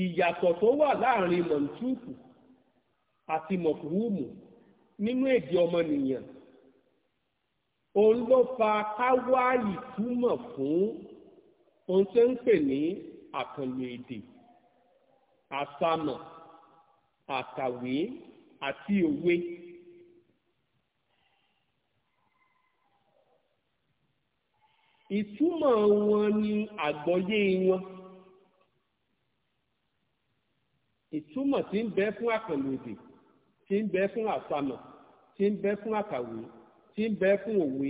ìyàtọ̀ tó wà láàrin mọ̀ntúùkù àti mọ̀kúrúùmù nínú èdè ọmọnìyàn òun ló fa káwá ìtumọ̀ fún ohun tó ń pè ní àkànlò èdè àsàmọ̀ àkàwé àti òwe. ìtumọ̀ wọn ni àgbọ́yé wọn. ìtumọ̀ tí ń bẹ fún àkànlòdì tí ń bẹ fún àfàmọ̀ tí ń bẹ fún àkàwé tí ń bẹ fún òwe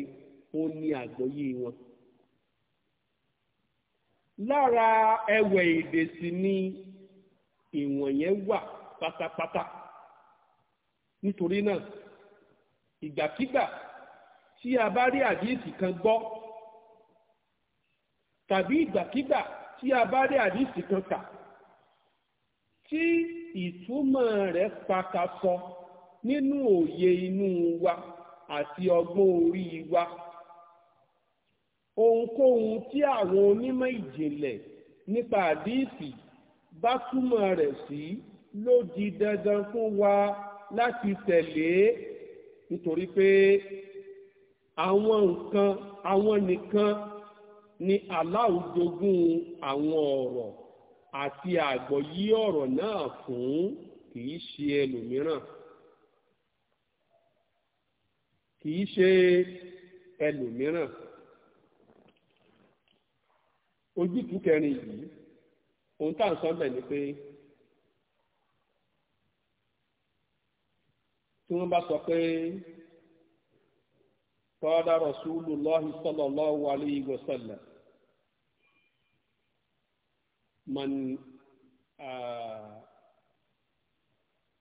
òun ni àgbọ́yé wọn. lára ẹ̀wẹ̀ èdè sì ni ìwọ̀nyẹn wà pátápátá nítorí náà ìgbàkigbà tí a bá rí àdíìsì kan gbọ́ tàbí ìgbàkigbà tí a bá rí àdíìsì kan kà tí ìtumọ̀ rẹ̀ pakasọ nínú òye inú wa àti ọgbọ́n orí wa ohunkóhun tí àwọn onímọ̀ ìjìnlẹ̀ nípa àdíìsì bá túmọ̀ rẹ̀ sí ló di dandan fún wa láti tẹ̀lé nítorí pé àwọn nǹkan àwọn nìkan ni aláwùjogún àwọn ọ̀rọ̀. àti àgbọ́yé ọ̀rọ̀ náà fún kìí ṣe ẹlòmíràn kìí ṣe ẹlòmíràn ojútùú kẹrin yìí ohun tá à ń sọ bẹ́ẹ̀ ni pé tí wọ́n bá sọ pé من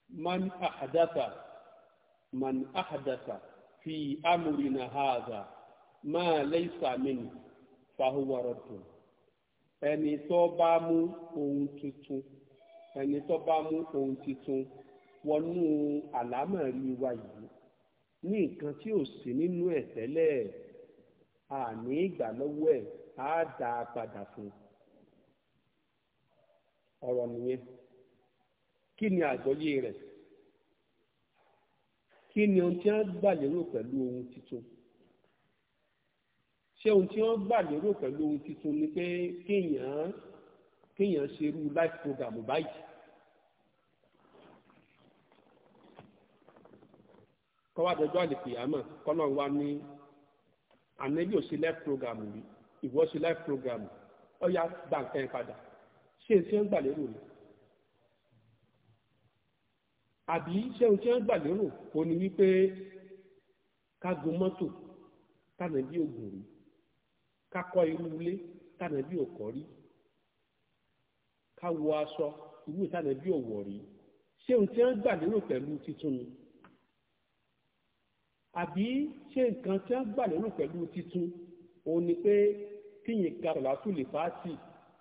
من أحدث من أحدث في أمرنا هذا ما ليس منه فهو رد ẹni tó bá mú ohun tuntun ẹni tó bá mú ohun tuntun wọnú àlámọ̀rí wa yìí ní nǹkan tí ò sí nínú a padà fún ọ̀rọ̀ nìyẹn kí ni àgbọ́yé rẹ̀ kí ni ohun tí wọ́n gbà lérò pẹ̀lú ohun titun, ṣé ohun tí wọ́n gbà lérò pẹ̀lú ohun titun ni pé kéèyàn kéèyàn ṣe irú life program báyìí kọ́wá dọjọ́ àlèkè àmọ́ kọ́nà wa ní ànẹ́bí ò sí life program yìí ìwọ ṣe life program ọ gbà nǹkan yẹn padà. ṣé tí ń gbàlérò ni àbí ṣé ohun tí ń gbàlérò kò ní wípé ká gun mọ́tò tànà bí ògùn rí ká kọ́ irú ilé tànà bí òkọ́ rí ká wọ aṣọ irú tànà bí òwọ̀ rí ṣé ohun tí ń gbàlérò pẹ̀lú titun ni àbí ṣé nǹkan tí ń gbàlérò pẹ̀lú titun òun ni pé kíyìn ka ọ̀làtúlẹ̀ fàátì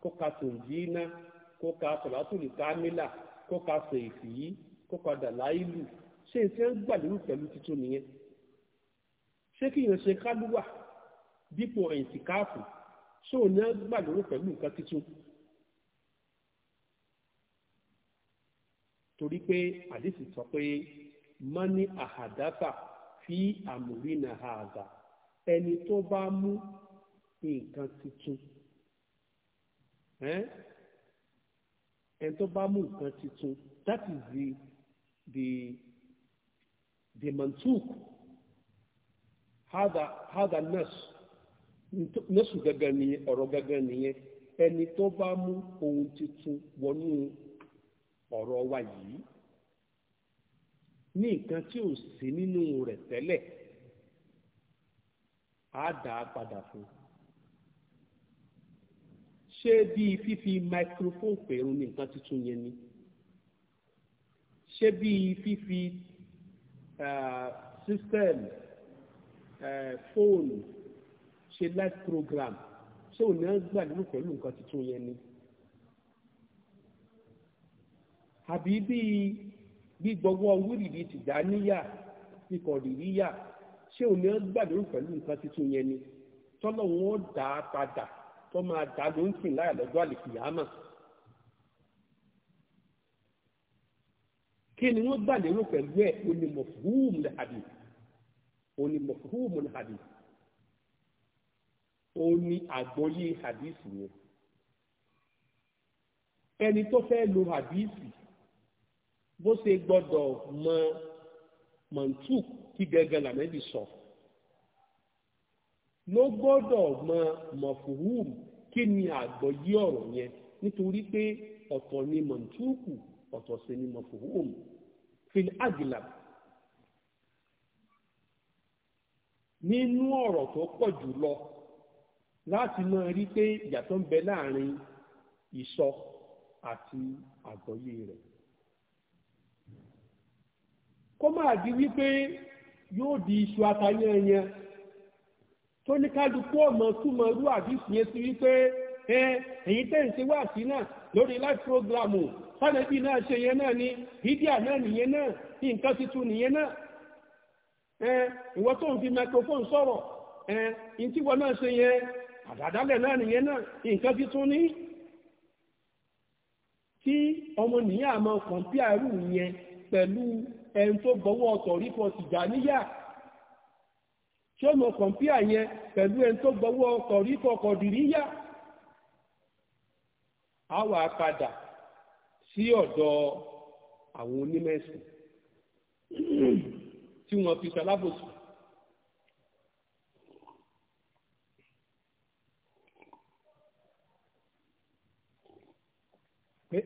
kó ka tòǹjìínà kó ka sọ̀látùlù kámílà kó ka sèèfì yìí kó ka dàláìlù ṣé n ṣe ń gbàlérò pẹ̀lú títún nìyẹn ṣé kí yẹn ṣe kálúwà dípò ẹ̀ǹtìkáàfù ṣé òun náà gbàlérò pẹ̀lú nǹkan títún. torí pé àdìsí sọ pé mọ́ní àhàdáfà fi àmúrí nà hàdà ẹni tó bá mú nǹkan tuntun ẹ to bá mú nǹkan tuntun that is the the the mantuk hada hada nas nasu gangan nìyẹn ọ̀rọ̀ eni to ẹni tó bá mú ohun tuntun wọnú ọ̀rọ̀ wa yìí ní nǹkan tí ò sí nínú rẹ̀ tẹ́lẹ̀ á ṣé bíi fífi microphone pèrún ní nǹkan tuntun yẹn ni ṣé bíi fífi eh, system eh, phone ṣe live program ṣé òun náà gbà nínú pẹ̀lú nǹkan tuntun yẹn ni àbí bíi gbígbọ́wọ́ wíìlì tìdáníyà ikọ̀rìríyà ṣé òun náà gbà nínú pẹ̀lú nǹkan tuntun yẹn ni tọ́lọ́wọ́n dá a padà tó máa dá ló ń sìn láyà lọ́jọ́ àlèkìyàmà. kí ni wọ́n gbà lérò pẹ̀lú ẹ̀ onímọ̀fúhùmù làbí onímọ̀fúhùmù làbí ó ní àgbọ́yé hadisi yẹn ẹni tó fẹ́ lo hadisi bó ṣe gbọ́dọ̀ mọ mọ̀ntúk kí gẹ́gẹ́ làmẹ́bí sọ. So ló gbọ́dọ̀ mọ mọ̀fùhùm kí ni àgbọ́yé ọ̀rọ̀ yẹn nítorí pé ọ̀tọ̀ ni mọ̀ntúùkù ọ̀tọ̀ sí ni mọ̀fùhùm nínú ọ̀rọ̀ tó pọ̀ jù lọ láti máa rí pé ìyàtọ̀ ń bẹ láàrin ìsọ àti àgbọ́yé rẹ̀. kó máa di wípé yóò di tó ní kálukú ọmọ túmọ̀ irú àdìsí yẹn sí wípé ẹ ẹ̀yin tẹ́ ń ṣe wá sí náà lórí live program sánẹ́bí náà ṣe yẹn náà ni fídíà náà nìyẹn náà nǹkan tuntun nìyẹn náà ẹ ìwọ tó ń fi microphone sọ̀rọ̀ ẹ ìtìwọ náà ṣe yẹn àdàdálẹ̀ náà nìyẹn náà nǹkan tuntun ní tí ọmọnìyàn máa kàn bí àrùn yẹn pẹ̀lú ẹni tó gbọ́wọ́ ọ̀tọ̀ rí pọ̀ tìjà tí ó mọ kọ̀ǹpíà yẹn pẹ̀lú ẹni tó gbọ́wọ́ ọkọ̀ rí kọkọ̀ dìrí yá a wà padà sí ọ̀dọ̀ àwọn onímẹ̀sìn tí wọ́n fi ṣalábòsùn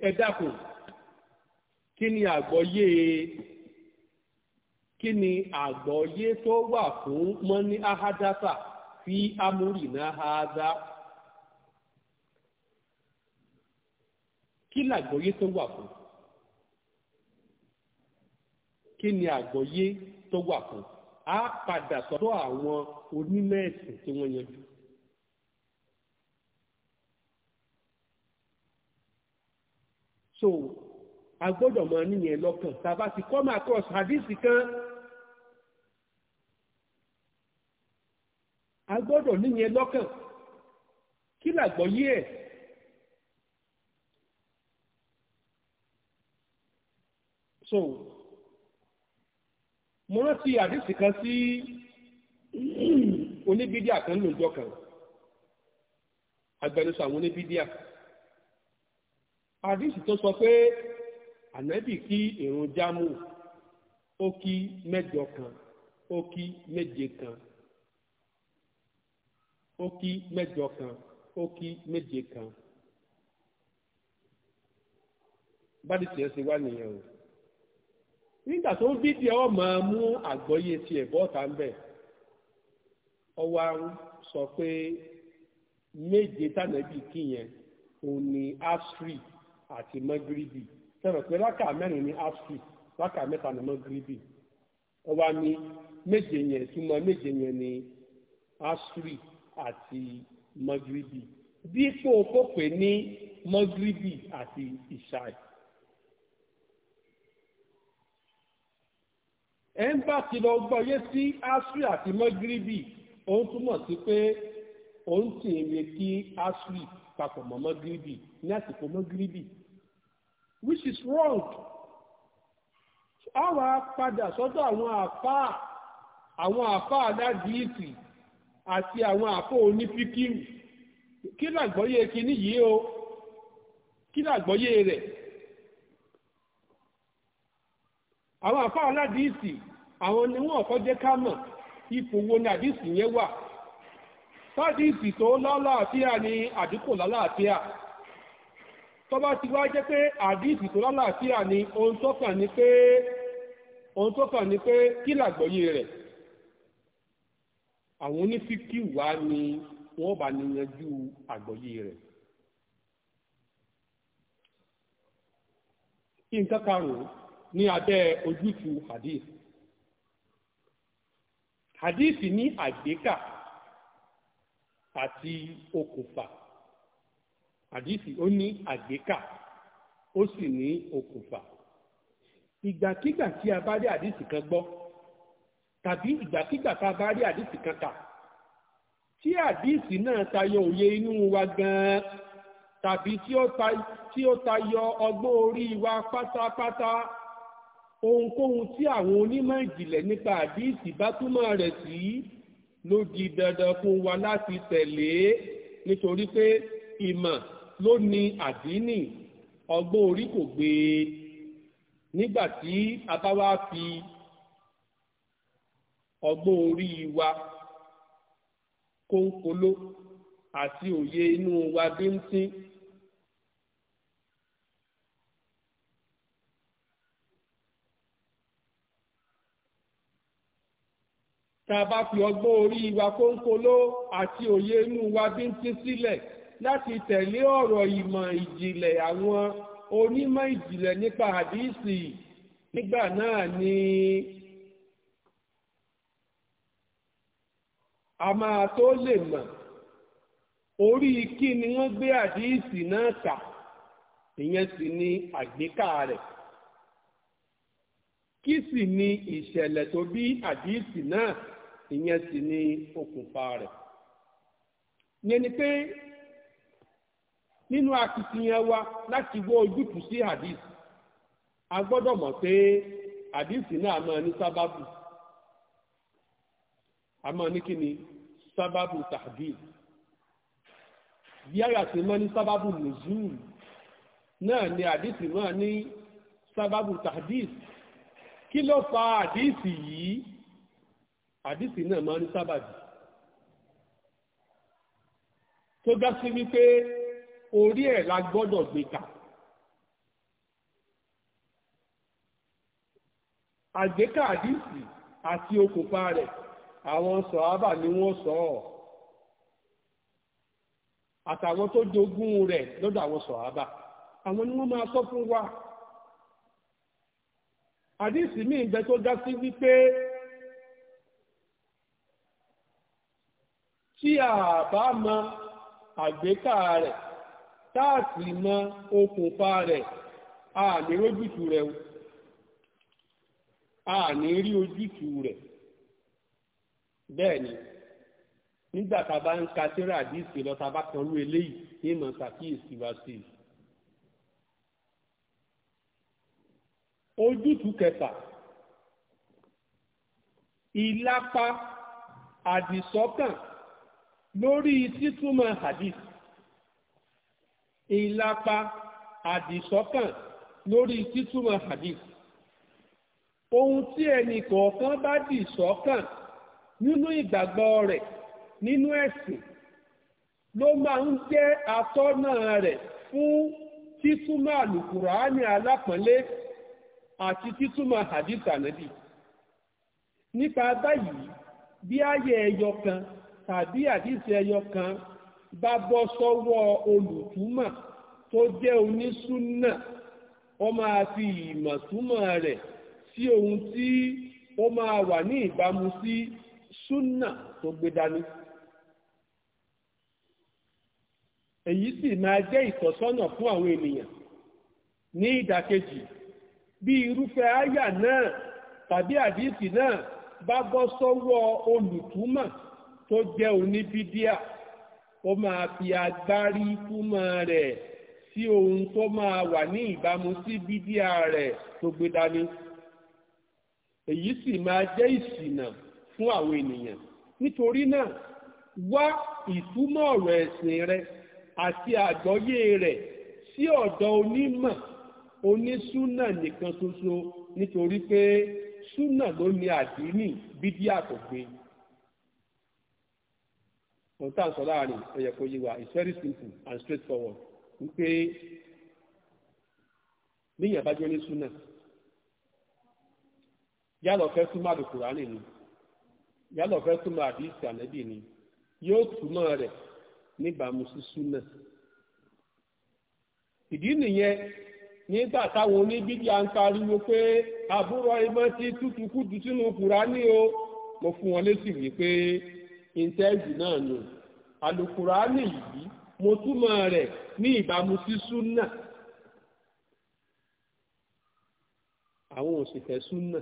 ẹ kí ni àgbọ́yé kí ni àgbọ́yé tó wà fún mọ́ní ahadasa fi amúrìnà ahadá kí làgbọ́yé tó wà fún kí ni a padà sọ́dọ̀ àwọn onímẹ̀ẹ̀sì tí wọ́n yanjú. a gbọ́dọ̀ mọ níyẹn lọ́kàn tàbá ti come across hadith kan a gbọ́dọ̀ níyẹn lọ́kàn kí làgbọ́yé ẹ̀ so mo rántí àdìsí kan sí oníbídíà kan lòjọ kan agbẹnusọ àwọn oníbídíà àdìsí tó sọ pé ànábì kí ìrun jámù ó kí mẹ́jọ kan ó kí méje kan ó kí mẹ́jọ kan ó kí méje kan bádìí tiẹ̀ ṣe wá nìyẹn o nígbà tó ń bí tiẹ̀ ọ máa mú àgbọ́yé tiẹ̀ bọ́ọ̀tà ń bẹ̀ ọ wá sọ pé méje tànàbì kí yẹn òun ni asri àti magribi sọ̀rọ̀ pé rákà mẹ́rin ní afsi rákà mẹ́ta ní mọ́gíríbì ọba ní méje yẹn túmọ̀ méje yẹn ní asri àti mọ́gíríbì dípò kó pè ní mọ́gíríbì àti ìṣáì. ẹ̀ ń bá ti lọ gbọ́yé sí asri àti mọ́gíríbì òun túmọ̀ sí pé òun sì ń retí asri papọ̀ mọ́ mọ́gíríbì ní àsìkò mọ́gíríbì. which is wrong a wá padà sọ́dọ̀ àwọn àfáà àwọn àfáà aládìísì àti àwọn àfáà onífíkìrù kí làgbọ́yé kíní yìí o kí làgbọ́yé rẹ̀ àwọn àfáà aládìísì àwọn ni wọ́n kọ́ jẹ́ kámọ̀ mọ̀ ipò wo ni àdìsì yẹn wà sádìsì tó lálàáfíà ni àdínkù lálàáfíà. La tó ti wá jẹ́ pé àdíìsì tó lálàáfíà ni ohun tó kàn ní pé ohun tó kàn ní pé kí làgbọ́yé rẹ̀ àwọn onífíkì wá ni wọ́n bá ní yanjú àgbọ́yé rẹ̀. nǹkan karùn-ún ní abẹ́ ojútùú hadith hadith ní àgbékà àti okùnfà. àdìsí ó ní àgbékà ó sì ní okùnfà ìgbàkígbà tí a bá rí àdìsí kan gbọ́ tàbí ìgbàkígbà tá a bá rí àdìsí kan kà tí àdìsí náà tayọ òye inú wa gan-an tàbí tí ó tayọ ọgbọ́n orí wa pátápátá ohunkóhun tí àwọn onímọ̀ ìjìnlẹ̀ nípa àdìsí bá túmọ̀ rẹ̀ sí ló di dandan fún wa láti tẹ̀lé nítorí pé ìmọ̀ ló ní àdínì ọgbọ́n orí kò gbé e nígbà tí a bá wá fi ọgbọ́n orí wa kónkolo àti òye inú wa bíntín. tá a bá fi ọgbọ́n orí wa kónkolo àti òye inú wa bíntín sílẹ̀. Si láti tẹ̀lé ọ̀rọ̀ ìmọ̀ ìjìnlẹ̀ àwọn onímọ̀ ìjìnlẹ̀ nípa àdìsí nígbà náà ni a máa tó lè mọ̀ orí kí ni wọ́n gbé àdìsí náà kà ìyẹn sì ni àgbékà rẹ̀ kí sì ni ìṣẹ̀lẹ̀ tó bí àdìsí náà ìyẹn sì ni okùnfà rẹ̀ yẹn ni pé nínú akitiyan wa láti wọ ojútùú sí hadith a gbọ́dọ̀ mọ̀ pé hadith náà máa ní sábàbù a máa ní kíni sábàbù tahdid bí àyà sí máa ní sábàbù nùzúù náà ni hadith máa ní sábàbù tahdid kí ló fa hadith yìí hadith náà máa ní sábàbù tó gá sí wípé orí ẹ̀ la gbọ́dọ̀ gbé kà. àgbékà àdìsí àti okùnfà rẹ̀ àwọn sọ̀hábà ni wọ́n sọ ọ́ àtàwọn tó jogún rẹ̀ lọ́dọ̀ àwọn sọ̀hábà àwọn ni wọ́n máa sọ fún wa àdìsí mi ń bẹ tó dá sí wípé tí a bá mọ àgbékà rẹ̀ táàsì mọ okùnfà rẹ̀ a ní rójútù rẹ̀ a ní rí ojútù rẹ̀ bẹ́ẹ̀ ni nígbà tá a bá ń ka tẹ́rà àdìsí lọ tá a bá kan rú eléyìí ní ìmọ̀ ṣàkíyèsí wá sí i. ojútùú kẹfà ìlápa àdìsọ́kàn lórí títúmọ̀ hadith ìlapa àdìsọ́kàn lórí títúmọ̀ hadith ohun tí ẹnì kọ̀ọ̀kan bá dì sọ́kàn nínú ìgbàgbọ́ rẹ̀ nínú ẹ̀sìn ló máa ń jẹ́ atọ́nà rẹ̀ fún títúmọ̀ àlùkùránì alápọ̀nlé àti títúmọ̀ hadith ànábì nípa báyìí bí ayé ẹyọ kan tàbí hadith ẹyọ kan bá bọ́ sọ́wọ́ olùtúmọ̀ tó jẹ́ onísúnà ó máa fi ìmọ̀ túmọ̀ rẹ̀ sí ohun tí ó máa wà ní ìbámu sí súnà tó gbé dání. èyí sì máa jẹ́ ìtọ́sọ́nà fún àwọn ènìyàn ní ìdàkejì bí irúfẹ́ àyà náà tàbí àdìsí náà bá bọ́ sọ́wọ́ olùtúmọ̀ tó jẹ́ oníbídíà ó máa fi agbárí túmọ̀ rẹ̀ sí ohun tó máa wà ní ìbámu sí bídíà rẹ̀ tó gbé dání èyí sì máa jẹ́ ìṣìnà fún àwọn ènìyàn nítorí náà wá ìtumọ̀ ọ̀rọ̀ ẹ̀sìn rẹ àti àgbọ́yé rẹ̀ sí ọ̀dọ̀ onímọ̀ onísúnà nìkan ṣoṣo nítorí pé súnà ló ní àdínì bídíà kò gbé. ohun tá à sọ láàrin yẹ kó wa it's very simple and straightforward wípé níyàn bá jẹ́ ní súnà yálọ̀ fẹ́ túmọ̀ ni yálọ̀ fẹ́ túmọ̀ àdìsí ni yóò túmọ̀ rẹ̀ níbàámu sí súnà ìdí nìyẹn nígbà táwọn oníbíbí à ń pariwo pé àbúrò ti tútù kúdù sínú kùránì o mo fún wọn lésì wípé ìntẹ́jì náà nù alukurani yìí mo túmọ̀ rẹ̀ ní ìbámu sí súnà àwọn òṣìfẹ́ súnà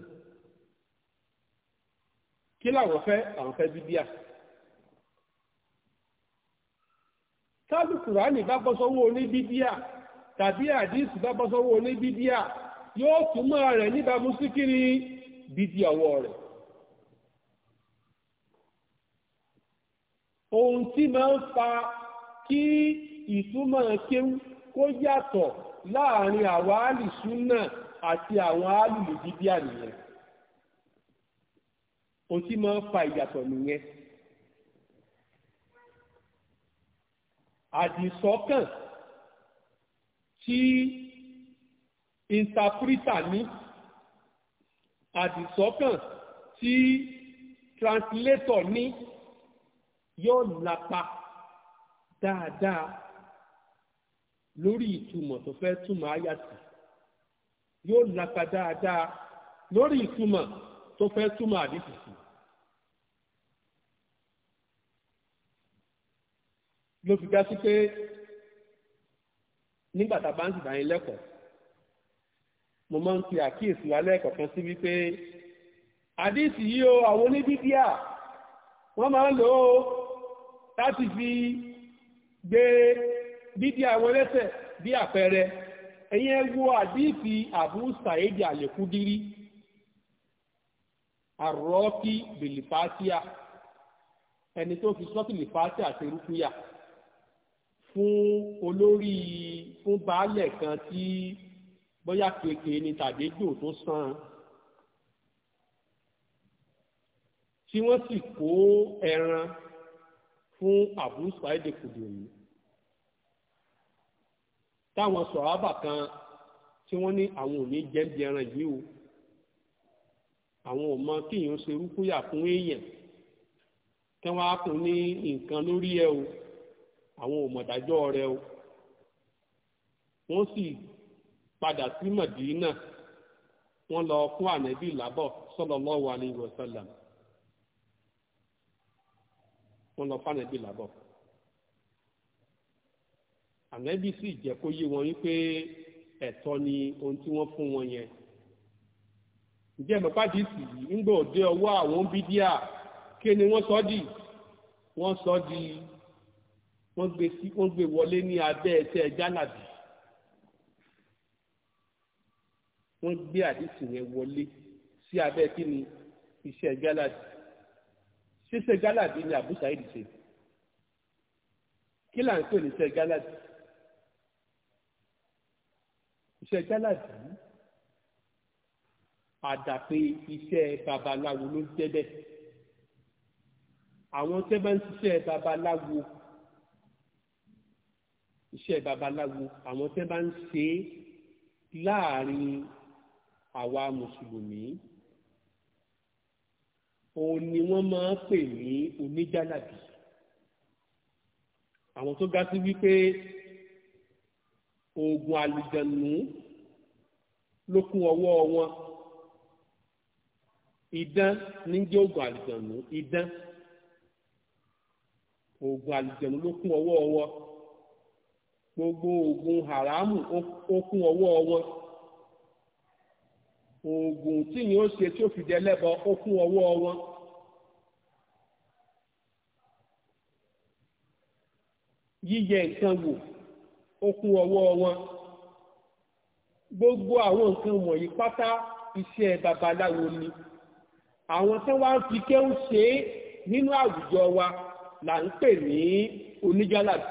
kí làwọn fẹ́ àwọn fẹ́ bíbíà tálùkùránì bá bọ́ sọ́wọ́ oníbíbíà tàbí àdísì bá bọ́ sọ́wọ́ oníbíbíà yóò túmọ̀ rẹ̀ níbàmú sí kí ni bíbí ọwọ́ rẹ̀ ohun tí máa ń fa kí ìtumọ̀ kéwú kó yàtọ̀ láàrin àwọn alìsúnà àti àwọn alìlùdíbíà nìyẹn ohun tí máa ń fa ìyàtọ̀ nìyẹn àdìsọ́kàn tí ìntàpírítà ní àdìsọ́kàn tí translator ní yóò lapa dáadáa lórí ìtumọ̀ tó fẹ́ túmọ̀ àyàtì yóò lapa dáadáa lórí ìtumọ̀ tó fẹ́ túmọ̀ àdìsìsì. ló fi dá sí pé nígbà tá a bá ń sìdá yín lẹ́kọ̀ọ́ mo máa ń fi àkíyèsí wa lẹ́ẹ̀kọ̀kan sí wípé àdìsí yìí o àwọn oníbíbíà wọ́n máa ń lò ó láti fi gbé dídí àwọn ẹlẹ́sẹ̀ bí àpẹẹrẹ ẹ̀yẹn wo àdífi Abu Sa'id Al-Khudri àrọ́kí bèlìfàtíà ẹni tó fi sọ́tìlì fàátì àti rúkúyà fún olórí fún baálẹ̀ kan tí bóyá kéèké ni tàbí jò tó san tí wọ́n sì kó ẹran fún Abu Sa'id Khudri táwọn sọ̀hábà kan tí wọ́n ní àwọn ò ní jẹ́bi ẹran yìí o àwọn ò mọ kéèyàn ṣe rúkúyà fún èèyàn kí wọ́n á kún ní nǹkan lórí ẹ o àwọn ò mọ̀dájọ́ rẹ o wọ́n sì padà sí Mádínà wọ́n lọ fún ànẹ́bí làbọ̀ sallallahu alaihi wasallam wọ́n lọ fánẹ́bí làbọ̀ ànẹ́bí sì jẹ́ kó yé wọn wípé ẹ̀tọ́ ni ohun tí wọ́n fún wọn yẹn ǹjẹ́ mọ̀páàdì sì yìí ń gbọ́ òde ọwọ́ àwọn bídíà kí ni wọ́n sọ di wọ́n sọ di wọ́n gbé sí wọ́n gbé wọlé ní abẹ́ ẹsẹ̀ jálàbì wọ́n gbé àdìsí yẹn wọlé sí abẹ́ kí ni iṣẹ́ jálàbì ṣíṣe gálàdì ni Abu Sa'id ṣe kí là ń pè ní ṣe gálàdì ṣe gálàdì àdàpé iṣẹ́ babaláwo ló jẹ́ bẹ́ẹ̀ àwọn tẹ́ bá ń ṣiṣẹ́ babaláwo iṣẹ́ babaláwo àwọn tẹ́ bá ń ṣe láàrin àwa mùsùlùmí. òun ni wọ́n máa ń pè ní oníjàlàbí àwọn tó ga sí wípé oògùn àlùjànnú ló kún ọwọ́ wọn idán ní jẹ́ oògùn àlùjànnú idán oògùn àlùjànnú ló kún ọwọ́ wọn gbogbo oògùn haramu ó kún ọwọ́ wọn. oògùn tí yìí ó ṣe tí ó fi dẹ lẹ́bọ ó kún ọwọ́ wọn. yíyẹ nǹkan wò ó kún ọwọ́ wọn. gbogbo àwọn nǹkan wọ̀nyí pátá iṣẹ́ babaláwo ni. àwọn tí wọ́n fi kéwù ṣe nínú àwùjọ wa là ń pè ní oníjàlàbí.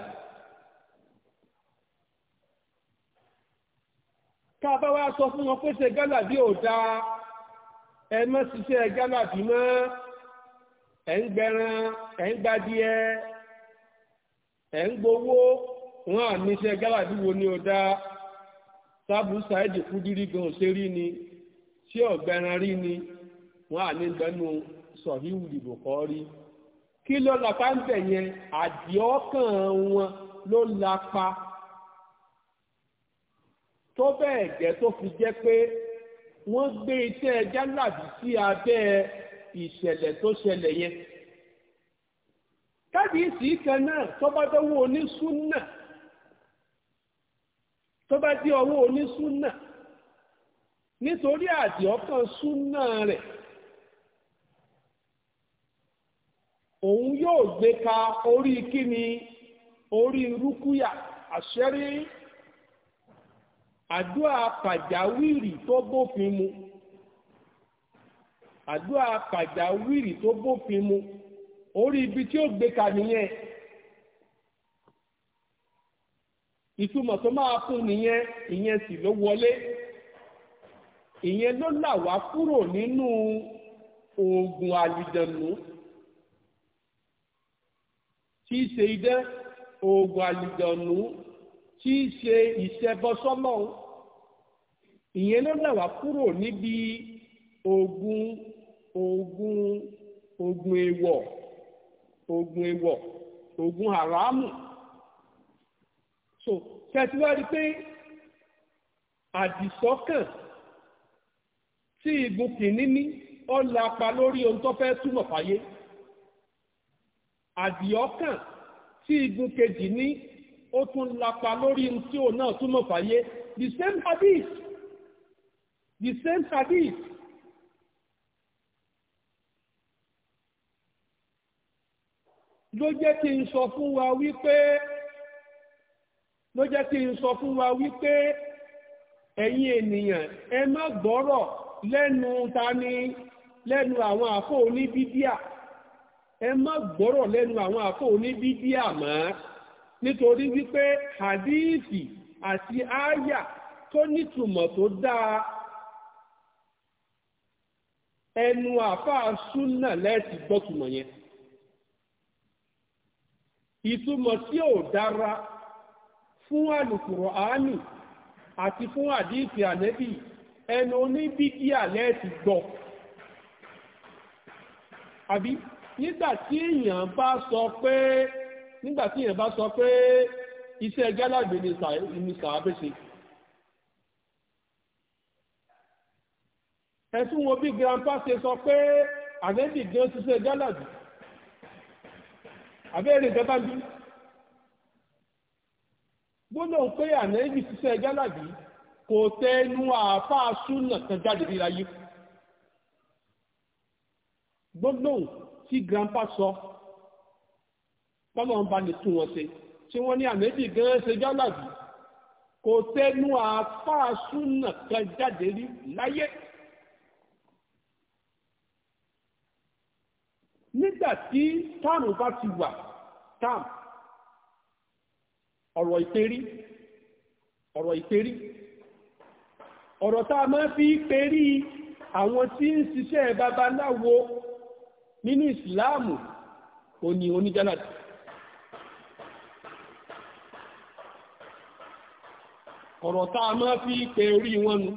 ká bá wá sọ fún wọn pé ṣe gálàbí ò dáa ẹ mọ́ ṣiṣẹ́ gálàbí mọ́ ẹ̀ ń gbẹran ẹ̀ ń gbadìẹ ẹ̀ ń gbowó wọn àmì iṣẹ́ wo ni ò dáa sábù sáìdì kúdírí gan òṣèré ni tí ọ̀gbẹran rí ni wọn àmì ìgbẹ́nu sọ̀híwù ìbò kọ́ rí kí ló lapa ń bẹ̀ yẹn àdìọ́kàn wọn ló lapa. tó bẹ́ẹ̀ gẹ́ tó fi jẹ́ pé wọ́n gbé iṣẹ́ jálàbí sí abẹ́ ìṣẹ̀lẹ̀ tó ṣẹlẹ̀ yẹn kábíyèsí kan náà tó bá onísúnà tó bá ọwọ́ onísúnà nítorí àdì ọkàn súnà rẹ̀ òun gbé ka orí kíni orí rúkúyà àdúrà pàjáwìrì tó bófin mu àdúrà pàjáwìrì tó bófin mu orí ibi tí ó gbé ka nìyẹn ìtumọ̀ tó máa fún nìyẹn ìyẹn sì ló wọlé ìyẹn ló là wá kúrò nínú oògùn àlìjẹ̀nù tí í ṣe idẹ́ oògùn àlìjẹ̀nù tí í ṣe ìṣẹ́bọsọ́mọ́ ìyẹn ló là wá kúrò níbi ogun ogun ogun ewọ̀ ogun ewọ̀ ogun haramu so tẹ̀síwájú pé àdìsọ́kàn tí igun kìíní ní ó lapa lórí ohun tó fẹ́ túmọ̀ fáyé àdìọ́kàn tí igun kejì ní ó tún lapa lórí tí ò náà túmọ̀ fàyé the same hadith the same hadith ló jẹ́ kí n sọ fún wa wípé ló jẹ́ kí n sọ fún wa wípé ẹ̀yin ènìyàn ẹ má gbọ́rọ̀ lẹ́nu ta ni lẹ́nu àwọn àfọ́ oníbídíà ẹ má gbọ́rọ̀ lẹ́nu àwọn àfọ́ oníbídíà mọ́ nítorí wípé hadithi àti aya tó nítumọ̀ tó dáa ẹnu àfáà súnà lẹ́ẹ̀tì gbọ́tùmọ̀ yẹn ìtumọ̀ tí ò dára fún àlùkùránì àti fún àdíìtì ànẹ́bì ẹnu oníbíkíà lẹ́ẹ̀tì gbọ́ àbí nígbà tí èèyàn bá sọ pé nígbà tí èèyàn bá sọ pé iṣẹ́ gálàgbé ni sàábẹ́sẹ̀ ẹ̀sùn wọn bí grandpa ṣe sọ pé àgẹ́dì gan ṣiṣẹ́ gálàgbé àbẹ́rẹ́ ìjọba bí gbọ́dọ̀ pé ànẹ́bì ṣiṣẹ́ gálàgbé kò tẹnu àáfàá súnà kan jáde ríra yìí gbọ́dọ̀ tí grandpa sọ. So, bọ́lọ̀ ń bá ní tún wọn ṣe tí wọ́n ní àmẹ́bí gan ṣe jálàbí kò tẹnu àáfàá súnà kan jáde rí láyé. nígbà tí táàmù bá ti wà táàmù ọ̀rọ̀ ìperí ọ̀rọ̀ ìperí ọ̀rọ̀ tá a máa fi perí àwọn tí ń ṣiṣẹ́ babaláwo nínú ìsìláàmù òní oníjálàdì ọ̀rọ̀ tá a máa fi pè rí wọn nu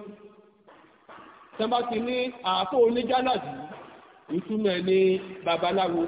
tẹ́bá ti ní àáfò onígálàdì ìtumọ̀ ní babaláwo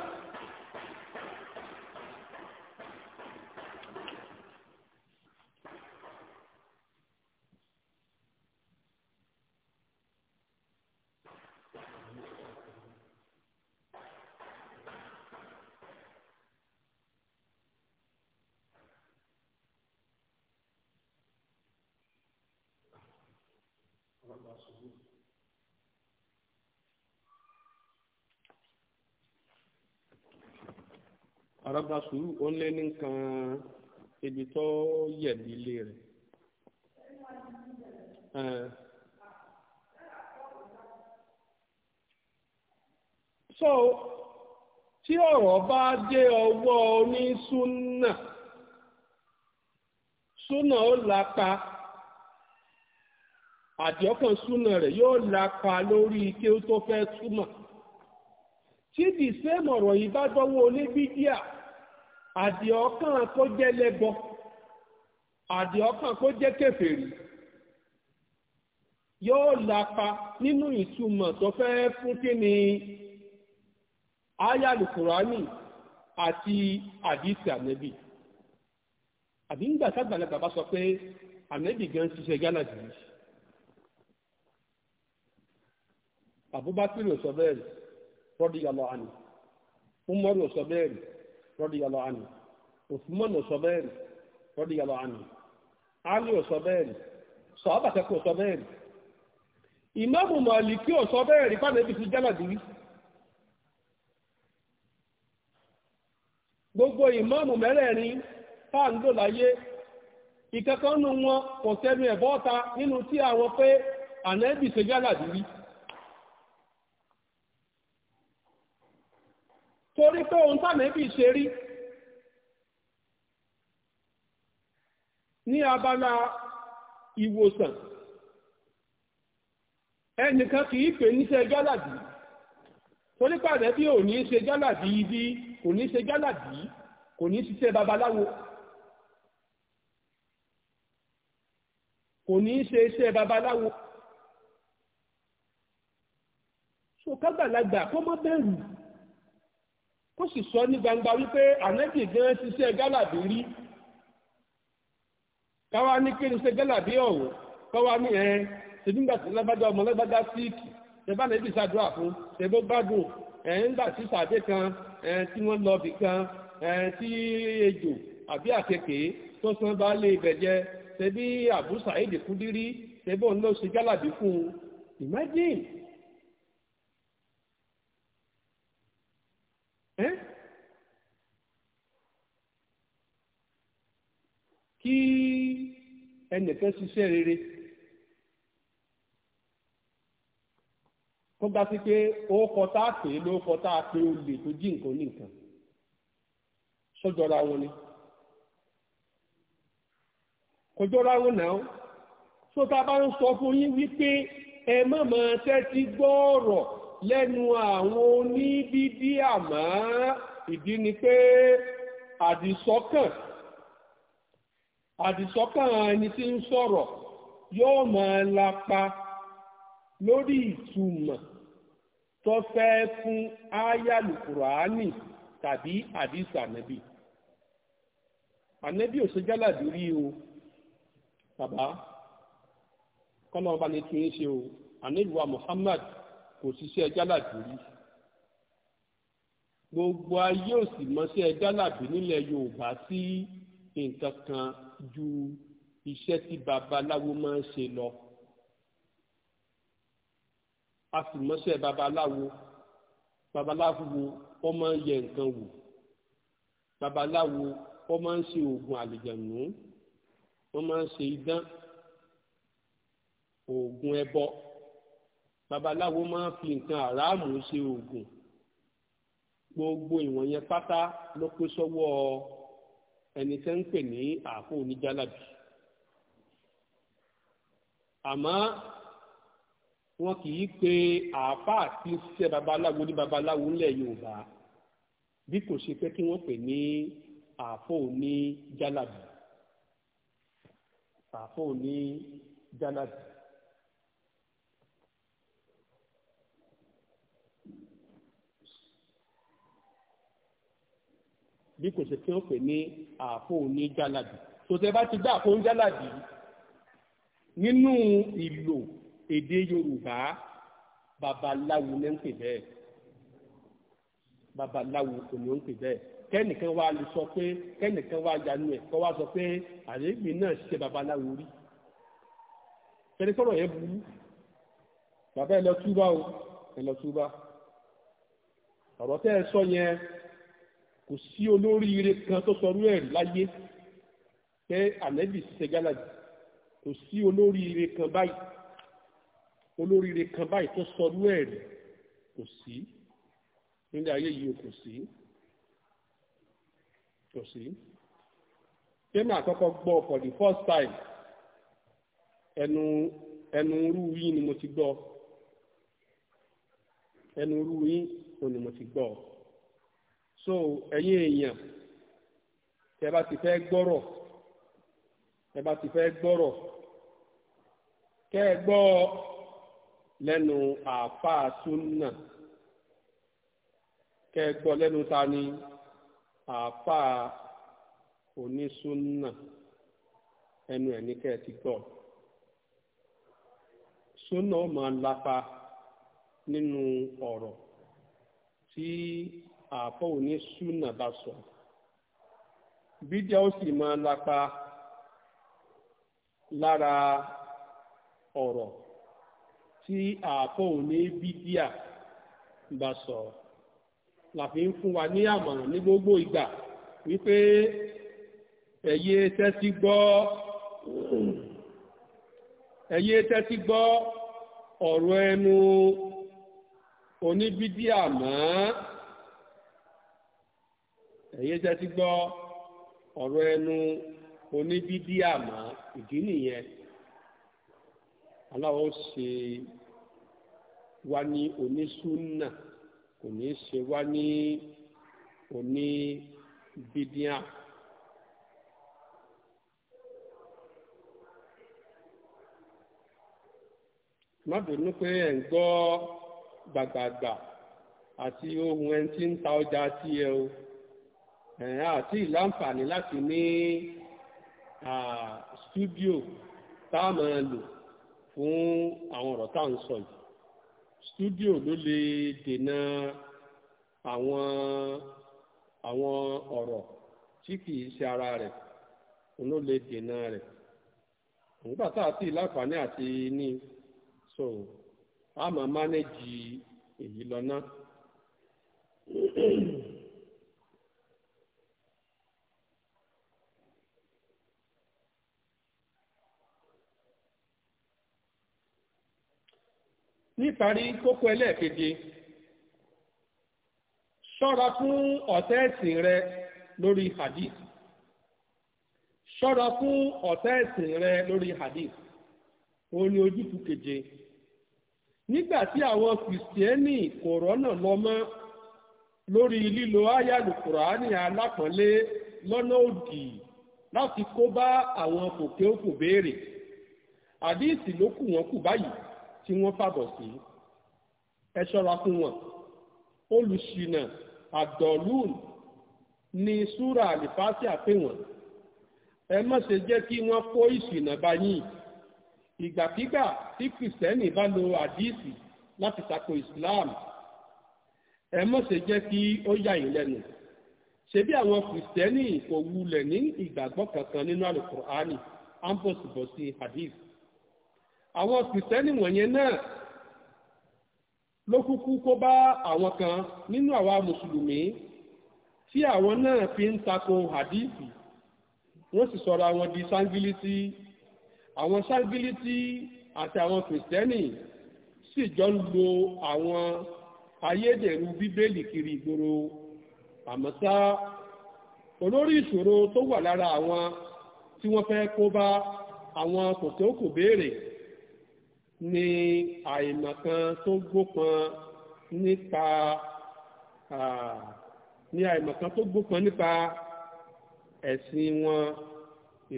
bá sùúrù ó lé ní nǹkan ibi tó yẹ̀ ní ilé rẹ̀ so tí ọ̀rọ̀ bá dé ọwọ́ ní súnà súnà ó lapa àdìọ́kàn súnà rẹ̀ yóò lapa lórí kí ó tó fẹ́ túmọ̀ tí dìsẹ́mọ̀rọ̀ yìí bá dọ́wọ́ oníbídíà àdìọ́kàn kó jẹ́ lẹ́bọ àdìọ́kàn kó jẹ́ kèfèrí yóò lapa nínú ìtumọ̀ tó fẹ́ fún kí ni ayálùkùránì àti àdìsí ànẹ́bì àbí ń gbà sàgbàlagbà sọ pé ànẹ́bì gan gánà jù ò sọ umaru ò sọ radiyallahu anhu Uthman ò sọ bẹ́ẹ̀ rí radiyallahu anhu Ali ò sọ bẹ́ẹ̀ rí sọ̀ọ́bà kẹ́kọ̀ọ́ sọ bẹ́ẹ̀ rí Ìmáàmù Màlìkí ò sọ bẹ́ẹ̀ rí fánàbí ti jálàdì rí gbogbo ìmáàmù mẹ́rẹ̀ẹ̀rin tá ń lò láyé ìkẹ́kọ̀ọ́ wọn kò sẹ́nu ẹ̀bọ́ta nínú tí àwọn pé ànẹ́bì ṣe jálàdì rí torí pé ohun tánẹ́bì ṣe rí ní abala ìwòsàn ẹnìkan kì í pè níṣẹ́ jálàbí torípàdé bí ò ní ṣe jálàbí ibi kò ní ṣe jálàbí kò ní ṣiṣẹ́ babaláwo kò ní ṣe iṣẹ́ babaláwo so kágbàlagbà mọ́ bẹ̀rù kó sì sọ ní gbangba wípé ànábì gan ṣiṣẹ́ gálàbí rí káwa ní kí ni ṣe gálàbí ọ̀hún káwa ní ẹ ṣe nígbà tí lágbájá ọmọ lágbájá síìkì ṣe bá nàbì ṣàdúrà fún ṣe bó gbádùn ẹ nígbà tí sàdé kan ẹ tí wọ́n lọ bì kan ẹ tí ejò àbí àkekèé tó san bá lé ibẹ̀ jẹ ṣe bí àbúṣà èdè kúdírí ṣe bó ń lọ ṣe gálàbí fún un imagine kí ẹnìkan ṣiṣẹ́ rere kó gbá sí pé ókọ tá a pè é lóókọ tá a pè olè tó jí nǹkan ní nǹkan sójọra wọn ni kò jọra wọn náà tó tá bá ń sọ fún yín wípé ẹ má máa tẹ́tí gbọ́ọ̀rọ̀ lẹ́nu àwọn oníbíbí àmọ́ ìdí ni pé àdìsọ́kàn àdìsọ́kàn ẹni tí ń sọ̀rọ̀ yóò máa lapa lórí ìtumọ̀ tó fẹ́ fún áyàlùkùránì tàbí àdìsà nàbì ànábì ò ṣe jálàbí rí o bàbá kọ́nà ọba ní tún ṣe o ànábì wa Muhammad kò ṣiṣẹ́ jálàbí rí gbogbo ayé ò sì mọṣẹ́ jálàbí nílẹ̀ Yorùbá sí nǹkan kan ju iṣẹ́ tí babaláwo máa ń ṣe lọ a sì mọ́ṣẹ́ babaláwo babaláwo ó máa ń yẹ nǹkan wò babaláwo ó máa ń ṣe oògùn àlìjànú wọ́n máa ń ṣe idán oògùn ẹbọ babaláwo máa ń fi nǹkan àràmù ṣe oògùn gbogbo ìwọ̀nyẹn pátá ló pé sọ́wọ́ ọ ẹni tẹ́ ń pè ní àáfò oníjálàbí àmọ́ wọn kì í pe àáfàá tí ń ṣiṣẹ́ babaláwo ní babaláwo ńlẹ̀ Yorùbá bí kò ṣe pé kí wọ́n pè ní àáfò oníjálàbí àáfò oníjálàbí. bí kò ṣe kí wọ́n pè ní ààfò oníjàládì tòtẹ́ bá ti dá ààfò oníjàládì nínú ìlò èdè Yorùbá babaláwo ní ń pè bẹ́ẹ̀ babaláwo kò ní ń pè bẹ́ẹ̀ kẹ́nìkan wá lè sọ pé kẹ́nìkan wá yanu ẹ̀ kọ́ wá sọ pé àlégbè náà ṣe babaláwo rí tẹ́lẹ̀ sọ̀rọ̀ yẹn burú bàbá ẹ lọ túbá o ẹ lọ túbá ọ̀rọ̀ tẹ́ ẹ sọ yẹn kò sí olóríire kan tó sọrú ẹ̀ láyé pé ànẹ́bì ṣe kò sí olóríire kan báyìí olóríire kan báyìí tó sọrú ẹ̀ kò sí nílẹ̀ ayé yìí kò sí kò sí tẹ́mà àkọ́kọ́ gbọ́ for the first time ẹnu ẹnu irú yín ni mo ti gbọ́ ẹnu irú yín ni mo ti gbọ́ ọ so ẹ̀yin èèyàn tẹ́ bá ti fẹ́ gbọ́rọ̀ tẹ́ bá ti fẹ́ gbọ́rọ̀ kẹ́ ẹ gbọ́ lẹ́nu àáfàá súnà kẹ́ ẹ gbọ́ lẹ́nu ta ni àáfàá onísúnà ẹnu ẹ̀ ní ti gbọ́ súnà ó máa lapa nínú ọ̀rọ̀ tí ààfọ̀ òní súnà bá sọ bídíà ó sì máa lapa lára ọ̀rọ̀ tí ààfọ̀ òní bídíà bá sọ làfi ń fún wa ní àmọ̀ràn ní gbogbo ìgbà wípé ẹ̀yẹ tẹ́tí gbọ́ ẹ̀yẹ tẹ́tí gbọ́ ọ̀rọ̀ ẹnu oníbídíà mọ́. ẹ̀yẹ tẹ́ ti gbọ́ ọ̀rọ̀ ẹnu oníbídíà mọ́ ìdí nìyẹn aláwọ̀ ṣe wá ní onísúnà kò ní ṣe wá ní oníbídíà. má bínú pé ẹ̀ ń gbọ́ gbàgbàgbà àti ohun ẹni tí ń ta ọjà sí o àti ìlànfààní láti ní stúdíò tá a máa lò fún àwọn ọ̀rọ̀ tá à ń sọ yìí stúdíò ló lè dènà àwọn àwọn ọ̀rọ̀ tí kìí ṣe ara rẹ̀ ló lè dènà rẹ̀ nígbà tá a ti láǹfààní àti ní so a máa mánéjì èyí lọ náà. níparí kókó ẹlẹ́ẹ̀keje ṣọ́ra fún ọ̀tẹ̀ ẹ̀sìn rẹ lórí hadith ṣọ́ra fún ọ̀tẹ̀ ẹ̀sìn rẹ lórí hadith ó ní ojútùú keje nígbà tí àwọn kìrìsìtẹ́nì kò rọ́nà lọ mọ́ lórí lílo áyàlù kùránì alápọ̀nlé lọ́nà òdì láti kó bá àwọn kòkè òkò béèrè àdíìsì ló kù wọ́n kù báyìí tí wọ́n fàbọ̀ sí ẹ ṣọ́ra fún wọn olùṣìnà àdọ̀lùn ni súra àlìfáàsì àpè wọn ẹ má ṣe jẹ́ kí wọ́n kó ìṣìnà bá yín ìgbàkígbà tí kìrìsìtẹ́nì bá lo àdíìsì láti tako Islam ẹ má ṣe jẹ́ kí ó yà yín lẹ́nu ṣebí àwọn kìrìsìtẹ́nì kò wulẹ̀ ní ìgbàgbọ́ kankan nínú àlùkùránì ambos bọ̀ sí hadith àwọn kìrìsìtẹ́nì wọ̀nyẹn náà ló kúkú kó bá àwọn kan nínú àwa mùsùlùmí tí àwọn náà fi ń tako hadithi wọ́n sì sọ̀rọ̀ àwọn di sangiliti àwọn sangiliti àti àwọn kìrìsìtẹ́nì sì jọ ń lo àwọn ayédèrú bíbélì kiri ìgboro àmọ́sá olórí ìṣòro tó wà lára àwọn tí wọ́n fẹ́ kó bá àwọn kòtòkò béèrè ni àìmọ̀kan tó gbópọn nípa ni àìmọ̀kan tó gbópọn nípa ẹ̀sìn wọn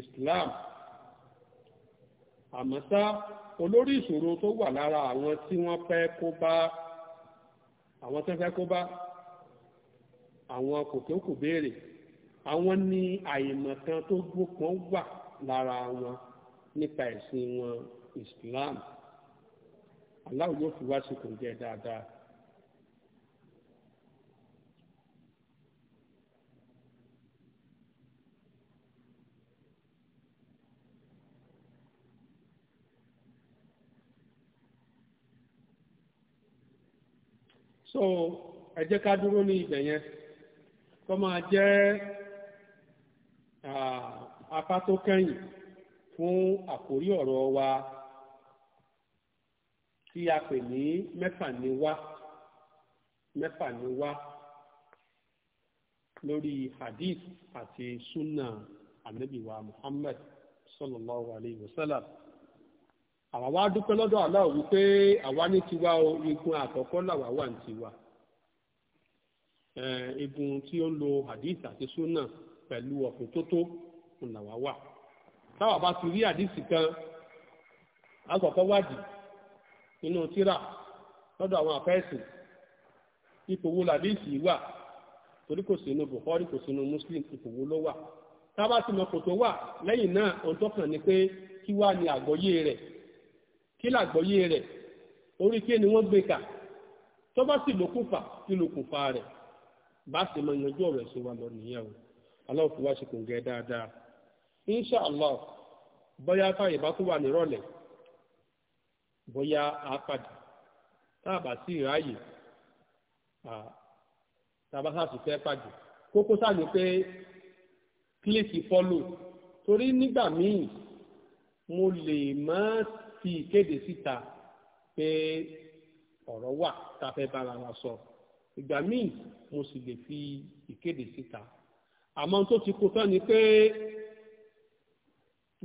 Islam àmọ́ ṣá olórí ìṣòro tó wà lára àwọn tí wọ́n fẹ́ kó bá àwọn tó fẹ́ kó bá àwọn kòkókò béèrè àwọn ní àìmọ̀kan tó gbópọn wà lára wọn nípa ẹ̀sìn wọn Islam. aláwọ̀ yóò fi wá jẹ́ dáadáa. so ẹ jẹ́ ká dúró ní ibẹ̀ yẹn máa jẹ́ apá tó kẹ́yìn fún àkórí ọ̀rọ̀ wa. tí a pè ní mẹ́fà ní wá mẹ́fà ní wá lórí hadith àti sunna anabiwa muhammad sallallahu alayhi wa sallam àwa wá dúpẹ́ lọ́dọ̀ Allah wípé àwa ní tiwa o igun àkọ́kọ́ làwa wà ní tiwa igun tí ó ń lo hadith àti sunna pẹ̀lú ọ̀fìn tó tó làwa wà táwa bá ti rí hadith kan àkọ́kọ́ wádìí nínú tíra lọ́dọ̀ àwọn àfẹ́sìn ipò wo làdíìsì wà torí kò sínú Bukhari kò sínú Muslim ipò wo ló wà tábà tí mo kò tó wà lẹ́yìn náà ọjọ́ kan ni pé kí wá ní àgbọ́yé rẹ̀ kí làgbọ́yé rẹ̀ orí kí ni wọ́n gbé kà tó bá sì lókùnfà kí lókùnfà rẹ̀ bá sì mọ yanjú ọ̀rọ̀ ẹ̀sìn wa lọ nìyẹn o aláwọ̀ fi wá ṣe kò gẹ́ dáadáa insha Allah bóyá táyé bá tún wà nírọ̀lẹ́ bóyá a padà tá a bá sí ìráyè tá a bá sáà sì fẹ́ padà kókó sáà ní pé kílèsì fọ́lò torí nígbà míì mo lè má fi ìkéde síta pé ọ̀rọ̀ wà tá a fẹ́ bára wa sọ ìgbà míì mo sì lè fi ìkéde síta àmọ́ tó ti kó tán ni pé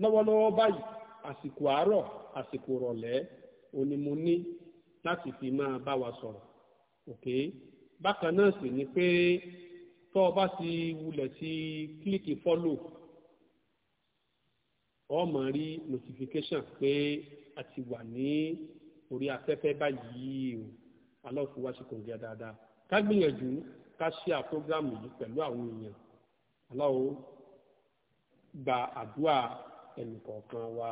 lọ́wọ́lọ́wọ́ báyìí àsìkò àárọ̀ àsìkò rọ̀lẹ́ òní mo ní láti fi máa bá wa sọ̀rọ̀ ok bákan náà sì ni pé tó o bá ti wulẹ̀ sí kílíkì follow o máa rí notification pé a ti wà ní orí afẹ́fẹ́ báyìí o aláwòfin wá sí kòǹgẹ́ dáadáa ká gbìyànjú ká ṣe àpógrámù yìí pẹ̀lú àwọn èèyàn aláwo gba àdúrà ẹnì kọ̀ọ̀kan wa.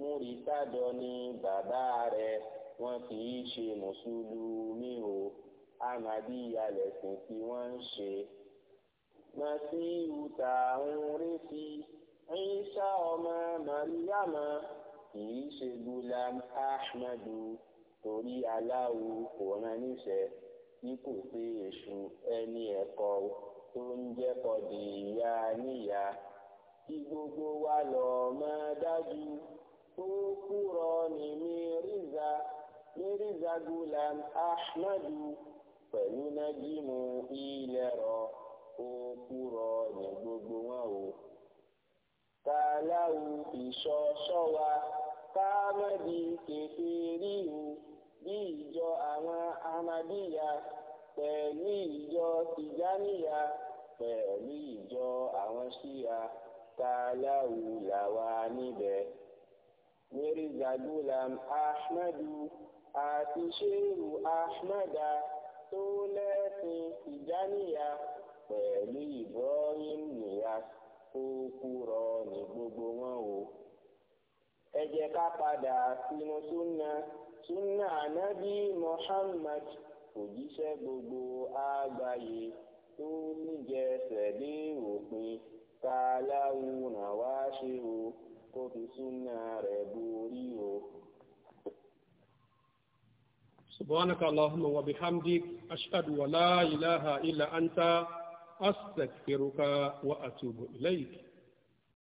múrítàdọ ni bàbá rẹ̀ wọn kì í ṣe mùsùlùmí o ahmadiyya lẹ̀sìn tí wọ́n ń ṣe. masiu tá ń retí Ìsá ọmọ màríyàmá kì í ṣe gulam ahmadu torí aláwo kò rán níṣẹ́ bí kò sí èṣù ẹni ẹ̀kọ́ tó ń jẹ́kọ̀ọ́ ìyá níyà kí gbogbo wa lọ́ọ́ máa dájú kúrọ ní mírízà mírízà gulam ahmadu pẹ̀lú nájímù ilẹ̀rọ òkúrọ ní gbogbo wọn o. tààláwù ìṣọṣọ wa káàmọ́dì kẹfẹ́ríhù bí ìjọ àwọn amadíyà pẹ̀lú ìjọ tìjáníyà pẹ̀lú ìjọ àwọn ṣíyà tààláwù làwa níbẹ̀. mirza gulam ahmadu àti shehu ahmada tó lẹ́sìn tìjáníyà pẹ̀lú ibrahim niyas ó kúrọ ní gbogbo wọn o. ẹ jẹ́ ká padà sínú súnà súnà ànábì gbogbo àgbáyé tó níjẹsẹ̀ dé òpin ká láwùrán wá kó fi súnà rẹ̀ borí o. سبحانك اللهم وبحمدك أشهد ولا إله إلا أنت أستغفرك وأتوب إليك